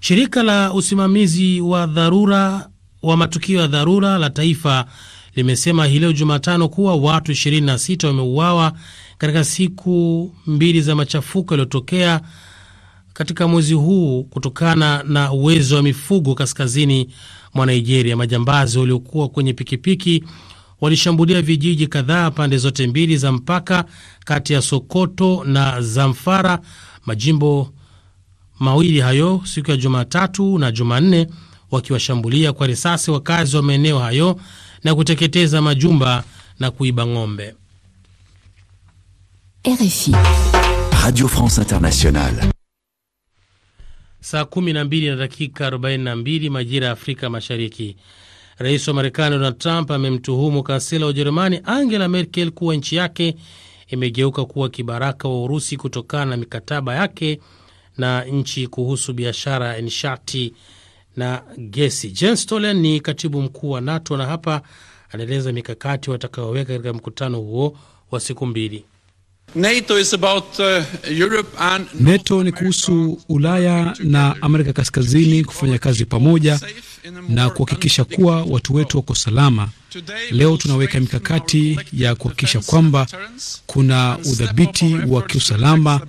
Shirika la usimamizi wa dharura wa matukio ya dharura la taifa limesema hii leo Jumatano kuwa watu 26 wameuawa katika siku mbili za machafuko yaliyotokea katika mwezi huu kutokana na uwezo wa mifugo kaskazini mwa Nigeria. Majambazi waliokuwa kwenye pikipiki walishambulia vijiji kadhaa pande zote mbili za mpaka kati ya Sokoto na Zamfara, majimbo mawili hayo siku ya Jumatatu na Jumanne, wakiwashambulia kwa risasi wakazi wa maeneo hayo na kuteketeza majumba na kuiba ng'ombe. RFI Radio France Internationale saa 12 na dakika 42 majira ya Afrika Mashariki. Rais wa Marekani Donald Trump amemtuhumu kansela wa Ujerumani Angela Merkel kuwa nchi yake imegeuka kuwa kibaraka wa Urusi kutokana na mikataba yake na nchi kuhusu biashara ya nishati na gesi. Jens Stoltenberg ni katibu mkuu wa NATO na hapa anaeleza mikakati watakayoweka katika mkutano huo wa siku mbili. NATO, is about, uh, Europe and NATO ni kuhusu Ulaya na Amerika Kaskazini kufanya kazi pamoja na kuhakikisha kuwa watu wetu wako salama. Leo tunaweka mikakati ya kuhakikisha kwamba kuna udhabiti wa kiusalama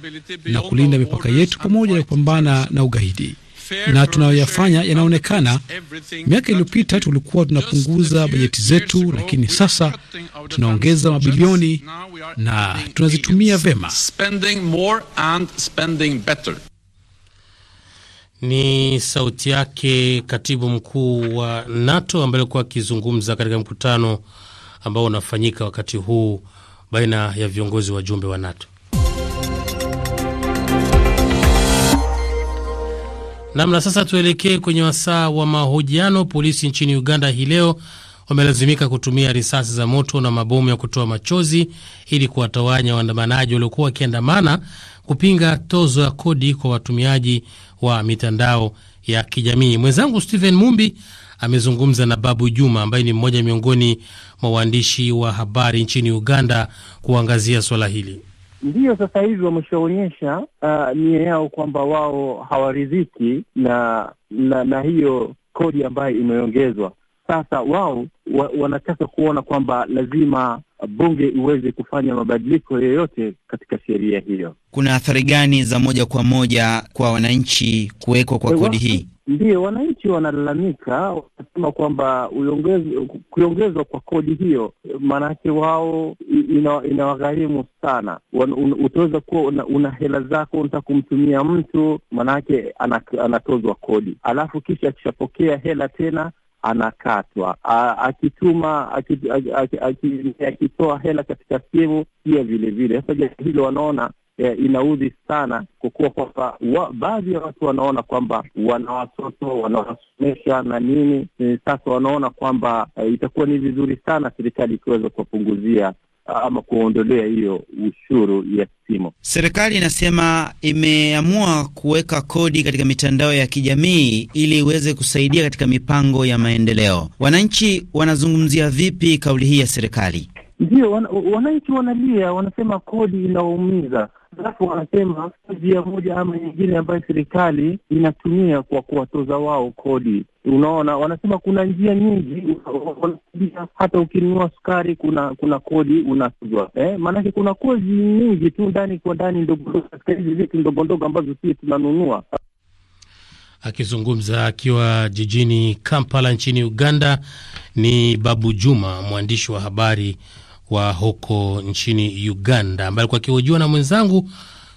na kulinda mipaka yetu pamoja na kupambana na ugaidi na tunayoyafanya yanaonekana. Miaka iliyopita tulikuwa tunapunguza bajeti zetu, lakini sasa tunaongeza mabilioni na tunazitumia vema. Ni sauti yake katibu mkuu wa NATO ambaye alikuwa akizungumza katika mkutano ambao unafanyika wakati huu baina ya viongozi wajumbe wa NATO. Namna sasa, tuelekee kwenye wasaa wa mahojiano. Polisi nchini Uganda hii leo wamelazimika kutumia risasi za moto na mabomu ya kutoa machozi ili kuwatawanya waandamanaji waliokuwa wakiandamana kupinga tozo ya kodi kwa watumiaji wa mitandao ya kijamii. Mwenzangu Stephen Mumbi amezungumza na Babu Juma ambaye ni mmoja miongoni mwa waandishi wa habari nchini Uganda kuangazia swala hili ndiyo sasa hivi wameshaonyesha uh, nia yao kwamba wao hawaridhiki na, na na hiyo kodi ambayo imeongezwa. Sasa wao wa, wanataka kuona kwamba lazima bunge iweze kufanya mabadiliko yoyote katika sheria hiyo. Kuna athari gani za moja kwa moja kwa wananchi kuwekwa kwa kodi hii? Ndiyo, wananchi wanalalamika wanasema kwamba kuongezwa kwa kodi hiyo maanake wao inawagharimu ina sana. Utaweza kuwa una, una hela zako unataka kumtumia mtu, maanake anatozwa kodi, alafu kisha akishapokea hela tena anakatwa akituma akitoa hela katika simu pia vilevile. Sasa jambo hilo wanaona eh, inaudhi sana kwa kuwa kwamba baadhi ya watu wanaona kwamba wana watoto wanawasomesha na nini eh, sasa wanaona kwamba eh, itakuwa ni vizuri sana serikali ikiweza kuwapunguzia ah, ama kuondolea hiyo ushuru ya simu. Serikali inasema imeamua kuweka kodi katika mitandao ya kijamii ili iweze kusaidia katika mipango ya maendeleo. Wananchi wanazungumzia vipi kauli hii ya serikali? Ndio, wananchi wanalia, wanasema kodi inaumiza Alafu wanasema njia moja ama nyingine ambayo serikali inatumia kwa kuwatoza wao kodi. Unaona, wanasema kuna njia nyingi, hata ukinunua sukari kuna kuna kodi unatozwa eh, maanake kuna kodi nyingi tu ndani kwa ndani, ndogo katika hizi vitu ndogondogo ambazo sisi tunanunua. Akizungumza akiwa jijini Kampala nchini Uganda ni Babu Juma, mwandishi wa habari wa huko nchini Uganda, ambaye alikuwa akihojiwa na mwenzangu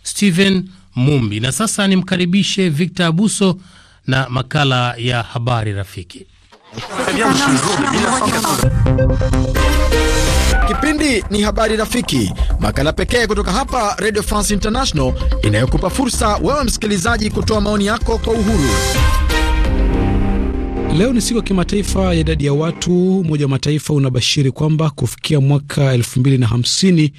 Stephen Mumbi. Na sasa nimkaribishe Victor Abuso na makala ya habari rafiki. Kipindi ni habari rafiki, makala pekee kutoka hapa Radio France International inayokupa fursa wewe msikilizaji kutoa maoni yako kwa uhuru. Leo ni siku ya kimataifa ya idadi ya watu. Umoja wa Mataifa unabashiri kwamba kufikia mwaka 250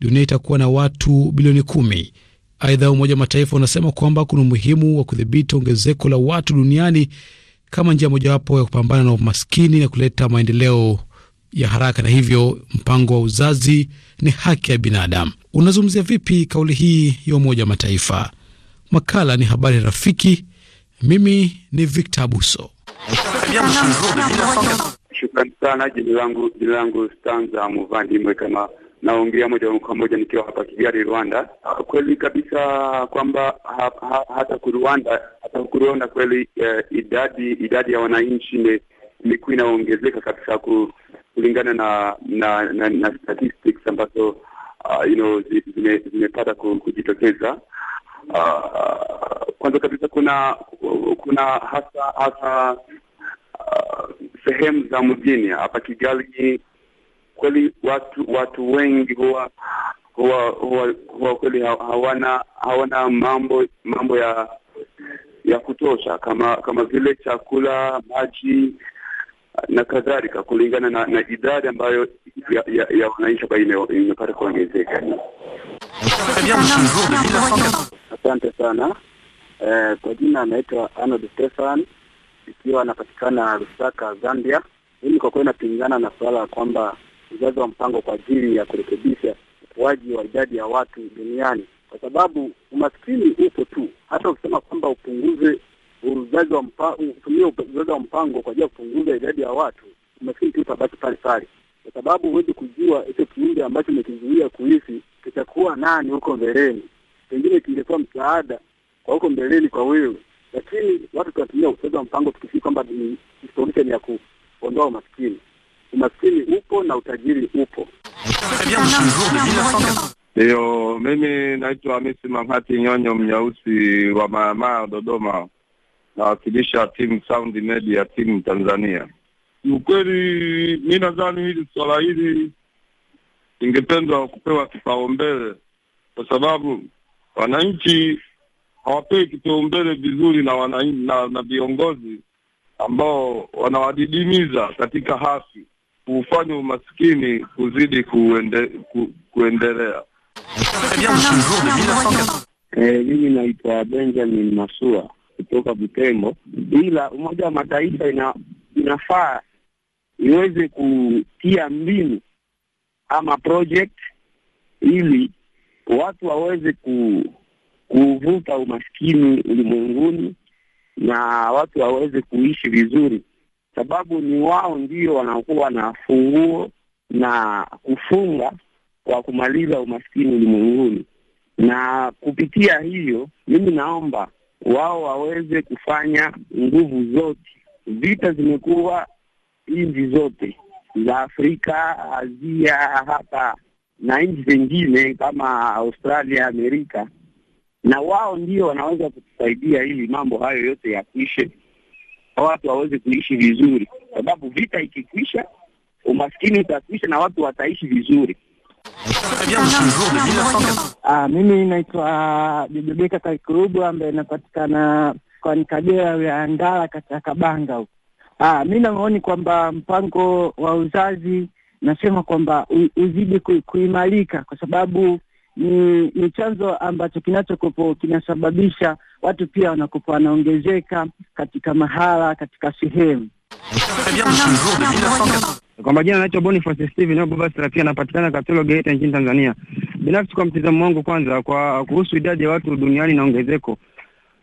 dunia itakuwa na watu bilioni kumi. Aidha, Umoja wa Mataifa unasema kwamba kuna umuhimu wa kudhibiti ongezeko la watu duniani kama njia mojawapo ya kupambana na umaskini na kuleta maendeleo ya haraka, na hivyo mpango wa uzazi ni haki ya binadamu. Unazungumzia vipi kauli hii ya Umoja wa Mataifa? Makala ni habari rafiki. Mimi ni Victor Abuso. Shukrani sana. Jina langu Stanza Muvandimwe, kama naongea moja kwa moja nikiwa hapa Kigali, Rwanda. Kweli kabisa kwamba ha, ha, hata Kurwanda hata huku Rwanda kweli eh, idadi idadi ya wananchi imekuwa inaongezeka kabisa kulingana na na, na, na statistics ambazo uh, you know, zimepata zime kujitokeza Uh, kwanza kabisa kuna kuna hasa hasa uh, sehemu za mjini hapa Kigali kweli watu watu wengi huwa huwa, huwa, huwa kweli hawana hawana mambo mambo ya ya kutosha kama kama vile chakula, maji na kadhalika, kulingana na, na idadi ambayo ya, ya, ya wananchi ambayo imepata kuongezeka. Asante sana eh, kwa jina anaitwa Arnold Stefan, ikiwa anapatikana Lusaka, Zambia. Mimi kwa kweli napingana na suala ya kwamba uzazi wa mpango kwa ajili ya kurekebisha ukuaji wa idadi ya watu duniani, kwa sababu umaskini upo tu. Hata ukisema kwamba upunguze uzazi wa mpango, utumie uzazi wa mpango kwa ajili ya kupunguza idadi ya watu, umaskini tu utabaki pale pale kwa sababu huwezi kujua hicho kiumbe ambacho umekizuia kuishi kitakuwa nani huko mbeleni. Pengine kingekuwa msaada kwa huko mbeleni kwa wewe, lakini watu tunatumia uchezo wa mpango tukifikiri kwamba ni solution ya kuondoa umaskini. Umaskini upo na utajiri upo. Ndiyo, mimi naitwa Hamisi Mamhati Nyonyo Mnyausi wa mayamaya Dodoma, nawakilisha timu Sound Media timu Tanzania. Kiukweli mi nadhani hili swala hili lingependwa kupewa kipaumbele, kwa sababu wananchi hawapewi kipaumbele vizuri na wana, na, na viongozi ambao wanawadidimiza katika hafi kuufanya umaskini kuzidi kuende, ku, kuendelea. Eh, mimi naitwa Benjamin Masua kutoka Butembo, ila Umoja wa Mataifa ina inafaa iweze kutia mbinu ama project ili watu waweze ku, kuvuta umaskini ulimwenguni na watu waweze kuishi vizuri, sababu ni wao ndio wanakuwa na funguo na kufunga kwa kumaliza umaskini ulimwenguni. Na kupitia hiyo, mimi naomba wao waweze kufanya nguvu zote. Vita zimekuwa nchi zote za Afrika, Asia, hata na nchi zingine kama Australia, Amerika, na wao ndio wanaweza kutusaidia ili mambo hayo yote yakwishe, watu waweze kuishi vizuri, sababu vita ikikwisha, umaskini utakwisha na watu wataishi vizuri. Ah, mimi naitwa Jojobeka Kaikurubwa ambaye inapatikana kwa Kagera, wilaya Ndala, katika Kabanga huko Ah, mi naoni kwamba mpango wa uzazi nasema kwamba uzidi kuimarika kwa sababu ni ni chanzo ambacho kinachokopo kinasababisha watu pia wanakopo wanaongezeka katika mahala katika sehemu kwa majina anaitwa Boniface Steven Obobasra, pia anapatikana Katoro Geita nchini Tanzania. Binafsi, kwa mtizamo wangu, kwanza kwa kuhusu idadi ya watu duniani na ongezeko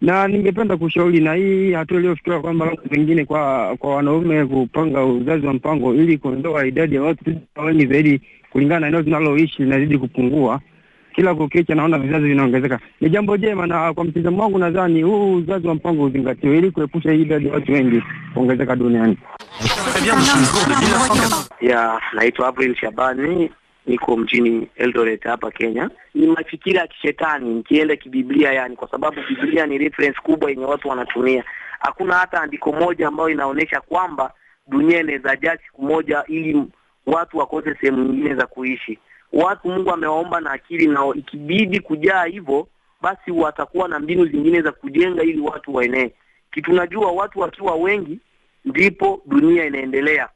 na ningependa kushauri na hii hatua iliyofikiwa kwamba labda pengine kwa kwa wanaume kupanga uzazi wa mpango ili kuondoa idadi ya watu wengi zaidi kulingana na eneo zinaloishi linazidi kupungua kila kukicha, naona vizazi vinaongezeka. Ni jambo jema, na kwa mtizamo wangu nadhani huu uzazi wa mpango uzingatiwe ili kuepusha hii idadi ya watu wengi kuongezeka duniani. ya naitwa April Shabani niko mjini Eldoret hapa Kenya. Ni mafikira ya kishetani, nikienda kibiblia, yani kwa sababu Biblia ni reference kubwa yenye watu wanatumia. Hakuna hata andiko moja ambayo inaonyesha kwamba dunia inaweza jaa siku moja ili watu wakose sehemu nyingine za kuishi. Watu Mungu amewaomba na akili, nao ikibidi kujaa hivyo, basi watakuwa na mbinu zingine za kujenga ili watu waenee. Kitunajua watu wakiwa wengi ndipo dunia inaendelea,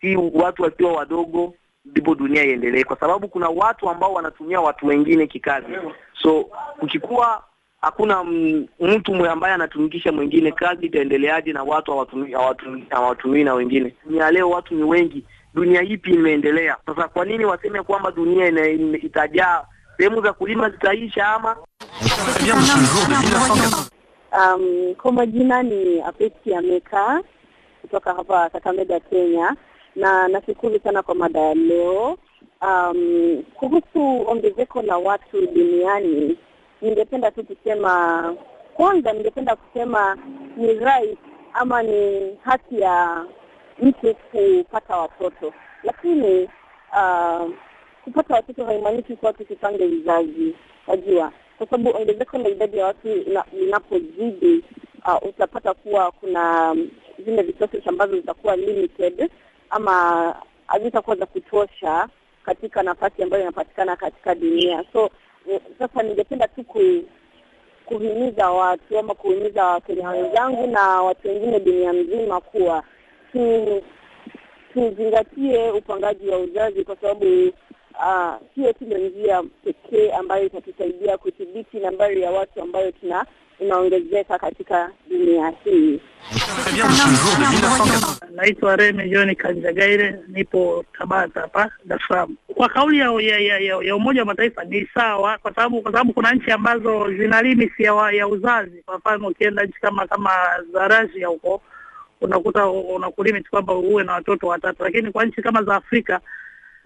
si watu wakiwa wadogo ndipo dunia iendelee, kwa sababu kuna watu ambao wanatumia watu wengine kikazi. So ukikuwa hakuna mtu ambaye anatumikisha mwingine, kazi itaendeleaje na watu hawatumii na wengine? Dunia leo watu ni wengi, dunia ipi imeendelea? Sasa kwa nini waseme kwamba dunia itajaa, sehemu za kulima zitaisha ama Um, kwa majina ni Apeti Ameka kutoka hapa Kakamega, Kenya na nashukuru sana kwa mada ya leo. Um, kuhusu ongezeko la watu duniani, ningependa tu kusema kwanza, ningependa kusema ni right ama ni haki ya mtu kupata watoto, lakini uh, kupata watoto haimaanishi kuwa tusipange vizazi, wajua, kwa sababu ongezeko la idadi ya watu linapozidi, uh, utapata kuwa kuna zile resources ambazo zitakuwa limited ama hazitakuwa za kutosha katika nafasi ambayo inapatikana katika dunia. So eh, sasa ningependa tu kuhimiza watu ama kuhimiza Wakenya wenzangu na watu wengine dunia mzima kuwa tu tuzingatie upangaji wa uzazi kwa sababu hiyo ah, uh, tu njia pekee ambayo itatusaidia kudhibiti nambari ya watu ambayo tuna inaongezeka katika dunia hii. Naitwa Reme John Kanjagaire, nipo Tabata hapa Dar es Salaam. Kwa kauli ya, ya, ya, ya, ya Umoja wa Mataifa ni sawa, kwa sababu kwa sababu kuna nchi ambazo zina limits ya, ya uzazi. Kwa mfano ukienda nchi kama kama za Rasia huko unakuta unakulimit kwamba uwe na watoto watatu, lakini kwa nchi kama za Afrika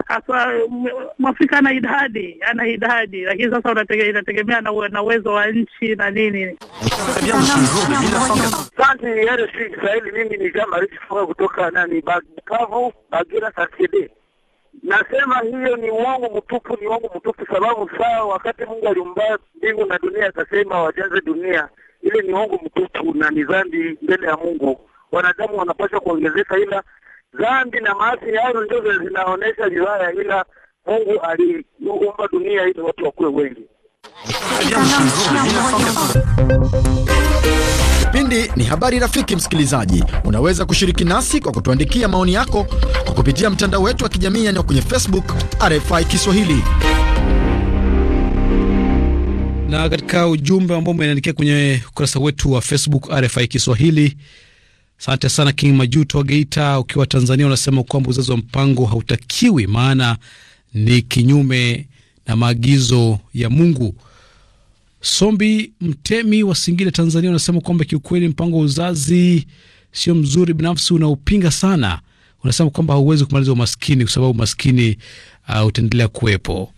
hasa mm, Mwafrika ana idadi, ana idadi, lakini sasa inategemea na uwezo wa nchi na nini. Asante yale yaani si Kiswahili, mimi ni kama kutoka kutoka nani Bukavu, Bagira sasd. Nasema hiyo ni uongo mtupu, ni uongo mtupu, sababu saa wakati Mungu aliumba mbingu na dunia akasema wajaze dunia, ile ni uongo mtupu na ni dhambi mbele ya Mungu. Wanadamu wanapaswa kuongezeka, ila dhambi na maasi yao ndio zinaonesha vibaya, ila Mungu aliumba dunia ili watu wakuwe wengi. Kipindi ni habari. Rafiki msikilizaji, unaweza kushiriki nasi kwa kutuandikia maoni yako kwa kupitia mtandao wetu wa kijamii yani kwenye Facebook RFI Kiswahili na katika ujumbe ambao umeandikia kwenye ukurasa wetu wa Facebook RFI Kiswahili, Asante sana King Majuto wa Geita, ukiwa Tanzania, unasema kwamba uzazi wa mpango hautakiwi, maana ni kinyume na maagizo ya Mungu. Sombi Mtemi wa Singida, Tanzania, unasema kwamba kiukweli mpango wa uzazi sio mzuri, binafsi unaupinga sana. Unasema kwamba hauwezi kumaliza umaskini kwa sababu umaskini uh, utaendelea kuwepo.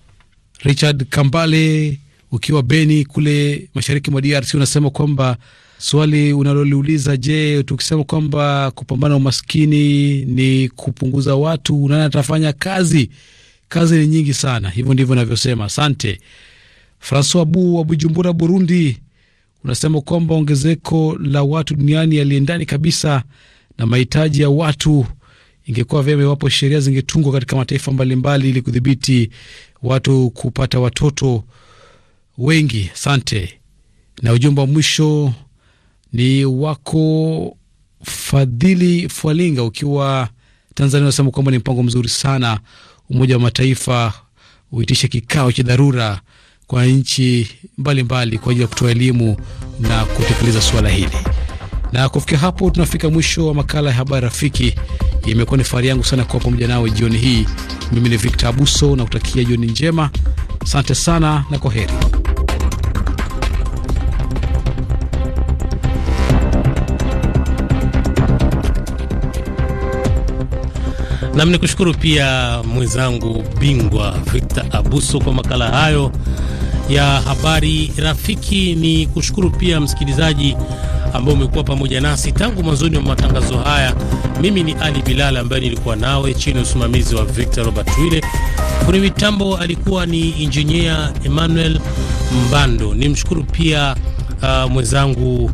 Richard Kambale ukiwa Beni kule mashariki mwa DRC unasema kwamba swali unaloliuliza, je, tukisema kwamba kupambana umaskini ni kupunguza watu, nani atafanya kazi? Kazi ni nyingi sana, hivyo ndivyo navyosema. Asante Francois Bu wa Bujumbura, Burundi, unasema kwamba ongezeko la watu duniani yaliendani kabisa na mahitaji ya watu. Ingekuwa vyema iwapo sheria zingetungwa katika mataifa mbalimbali ili kudhibiti watu kupata watoto wengi. Asante. Na ujumbe wa mwisho ni wako Fadhili Fwalinga ukiwa Tanzania, unasema kwamba ni mpango mzuri sana Umoja wa Mataifa uitishe kikao cha dharura kwa nchi mbalimbali kwa ajili ya kutoa elimu na kutekeleza suala hili. Na kufikia hapo, tunafika mwisho wa makala ya habari rafiki. Imekuwa ni fahari yangu sana kuwa pamoja nawe jioni hii. Mimi ni Victor Abuso na kutakia jioni njema. Asante sana na kwa heri. Nami nikushukuru pia mwenzangu bingwa Victor Abuso kwa makala hayo ya habari rafiki. Ni kushukuru pia msikilizaji ambao umekuwa pamoja nasi tangu mwanzoni wa matangazo haya. Mimi ni Ali Bilal ambaye nilikuwa nawe chini ya usimamizi wa Victor Robert Wile. Kwenye mitambo alikuwa ni injinia Emmanuel Mbando. ni mshukuru pia uh, mwenzangu uh,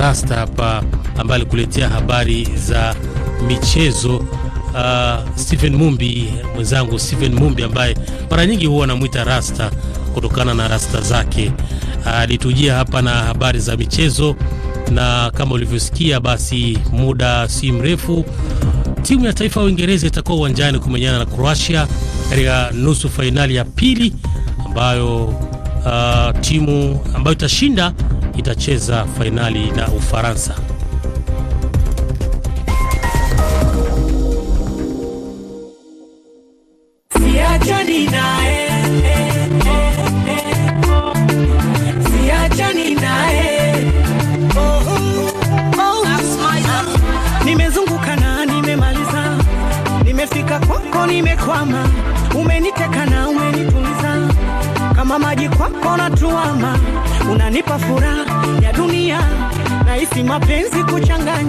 Rasta hapa ambaye alikuletea habari za michezo Uh, Stephen Mumbi mwenzangu Stephen Mumbi ambaye mara nyingi huwa anamwita Rasta kutokana na rasta zake. Uh, alitujia hapa na habari za michezo, na kama ulivyosikia, basi muda si mrefu timu ya taifa ya Uingereza itakuwa uwanjani kumenyana na Croatia katika nusu fainali ya pili ambayo uh, timu ambayo itashinda itacheza fainali na Ufaransa.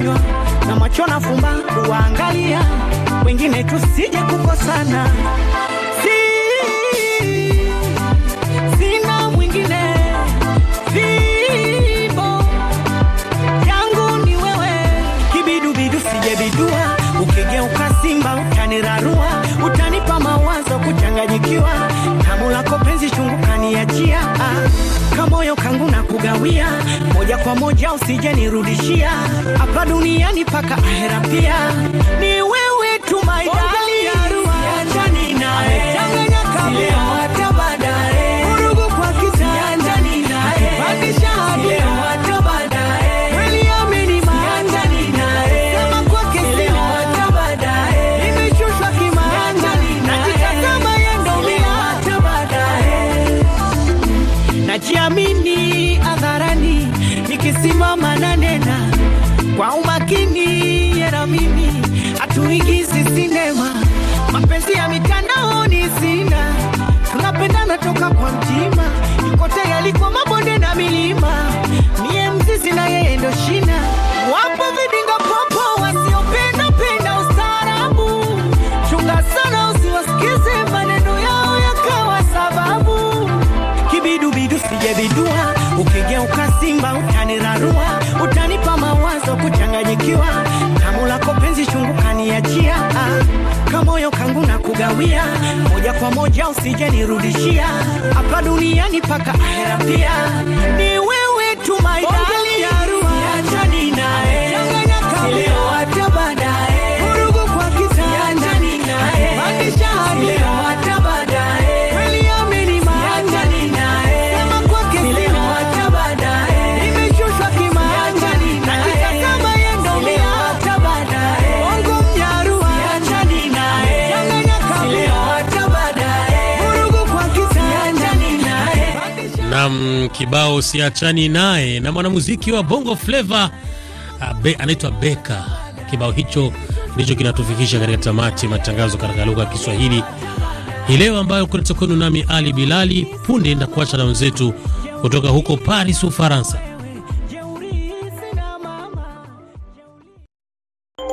moyo na macho na fumba kuangalia wengine, tusije kukosana. Ukigeuka simba utanirarua, utanipa mawazo kuchanganyikiwa kugawia moja kwa moja, usijenirudishia hapa duniani paka ahera pia ni tukiachani naye na mwanamuziki wa Bongo Flava ah, be, anaitwa Beka. Kibao hicho ndicho kinatufikisha katika tamati matangazo katika lugha ya Kiswahili hii leo, ambayo kwenu nami Ali Bilali. Punde ndakuacha na wenzetu kutoka huko Paris, Ufaransa.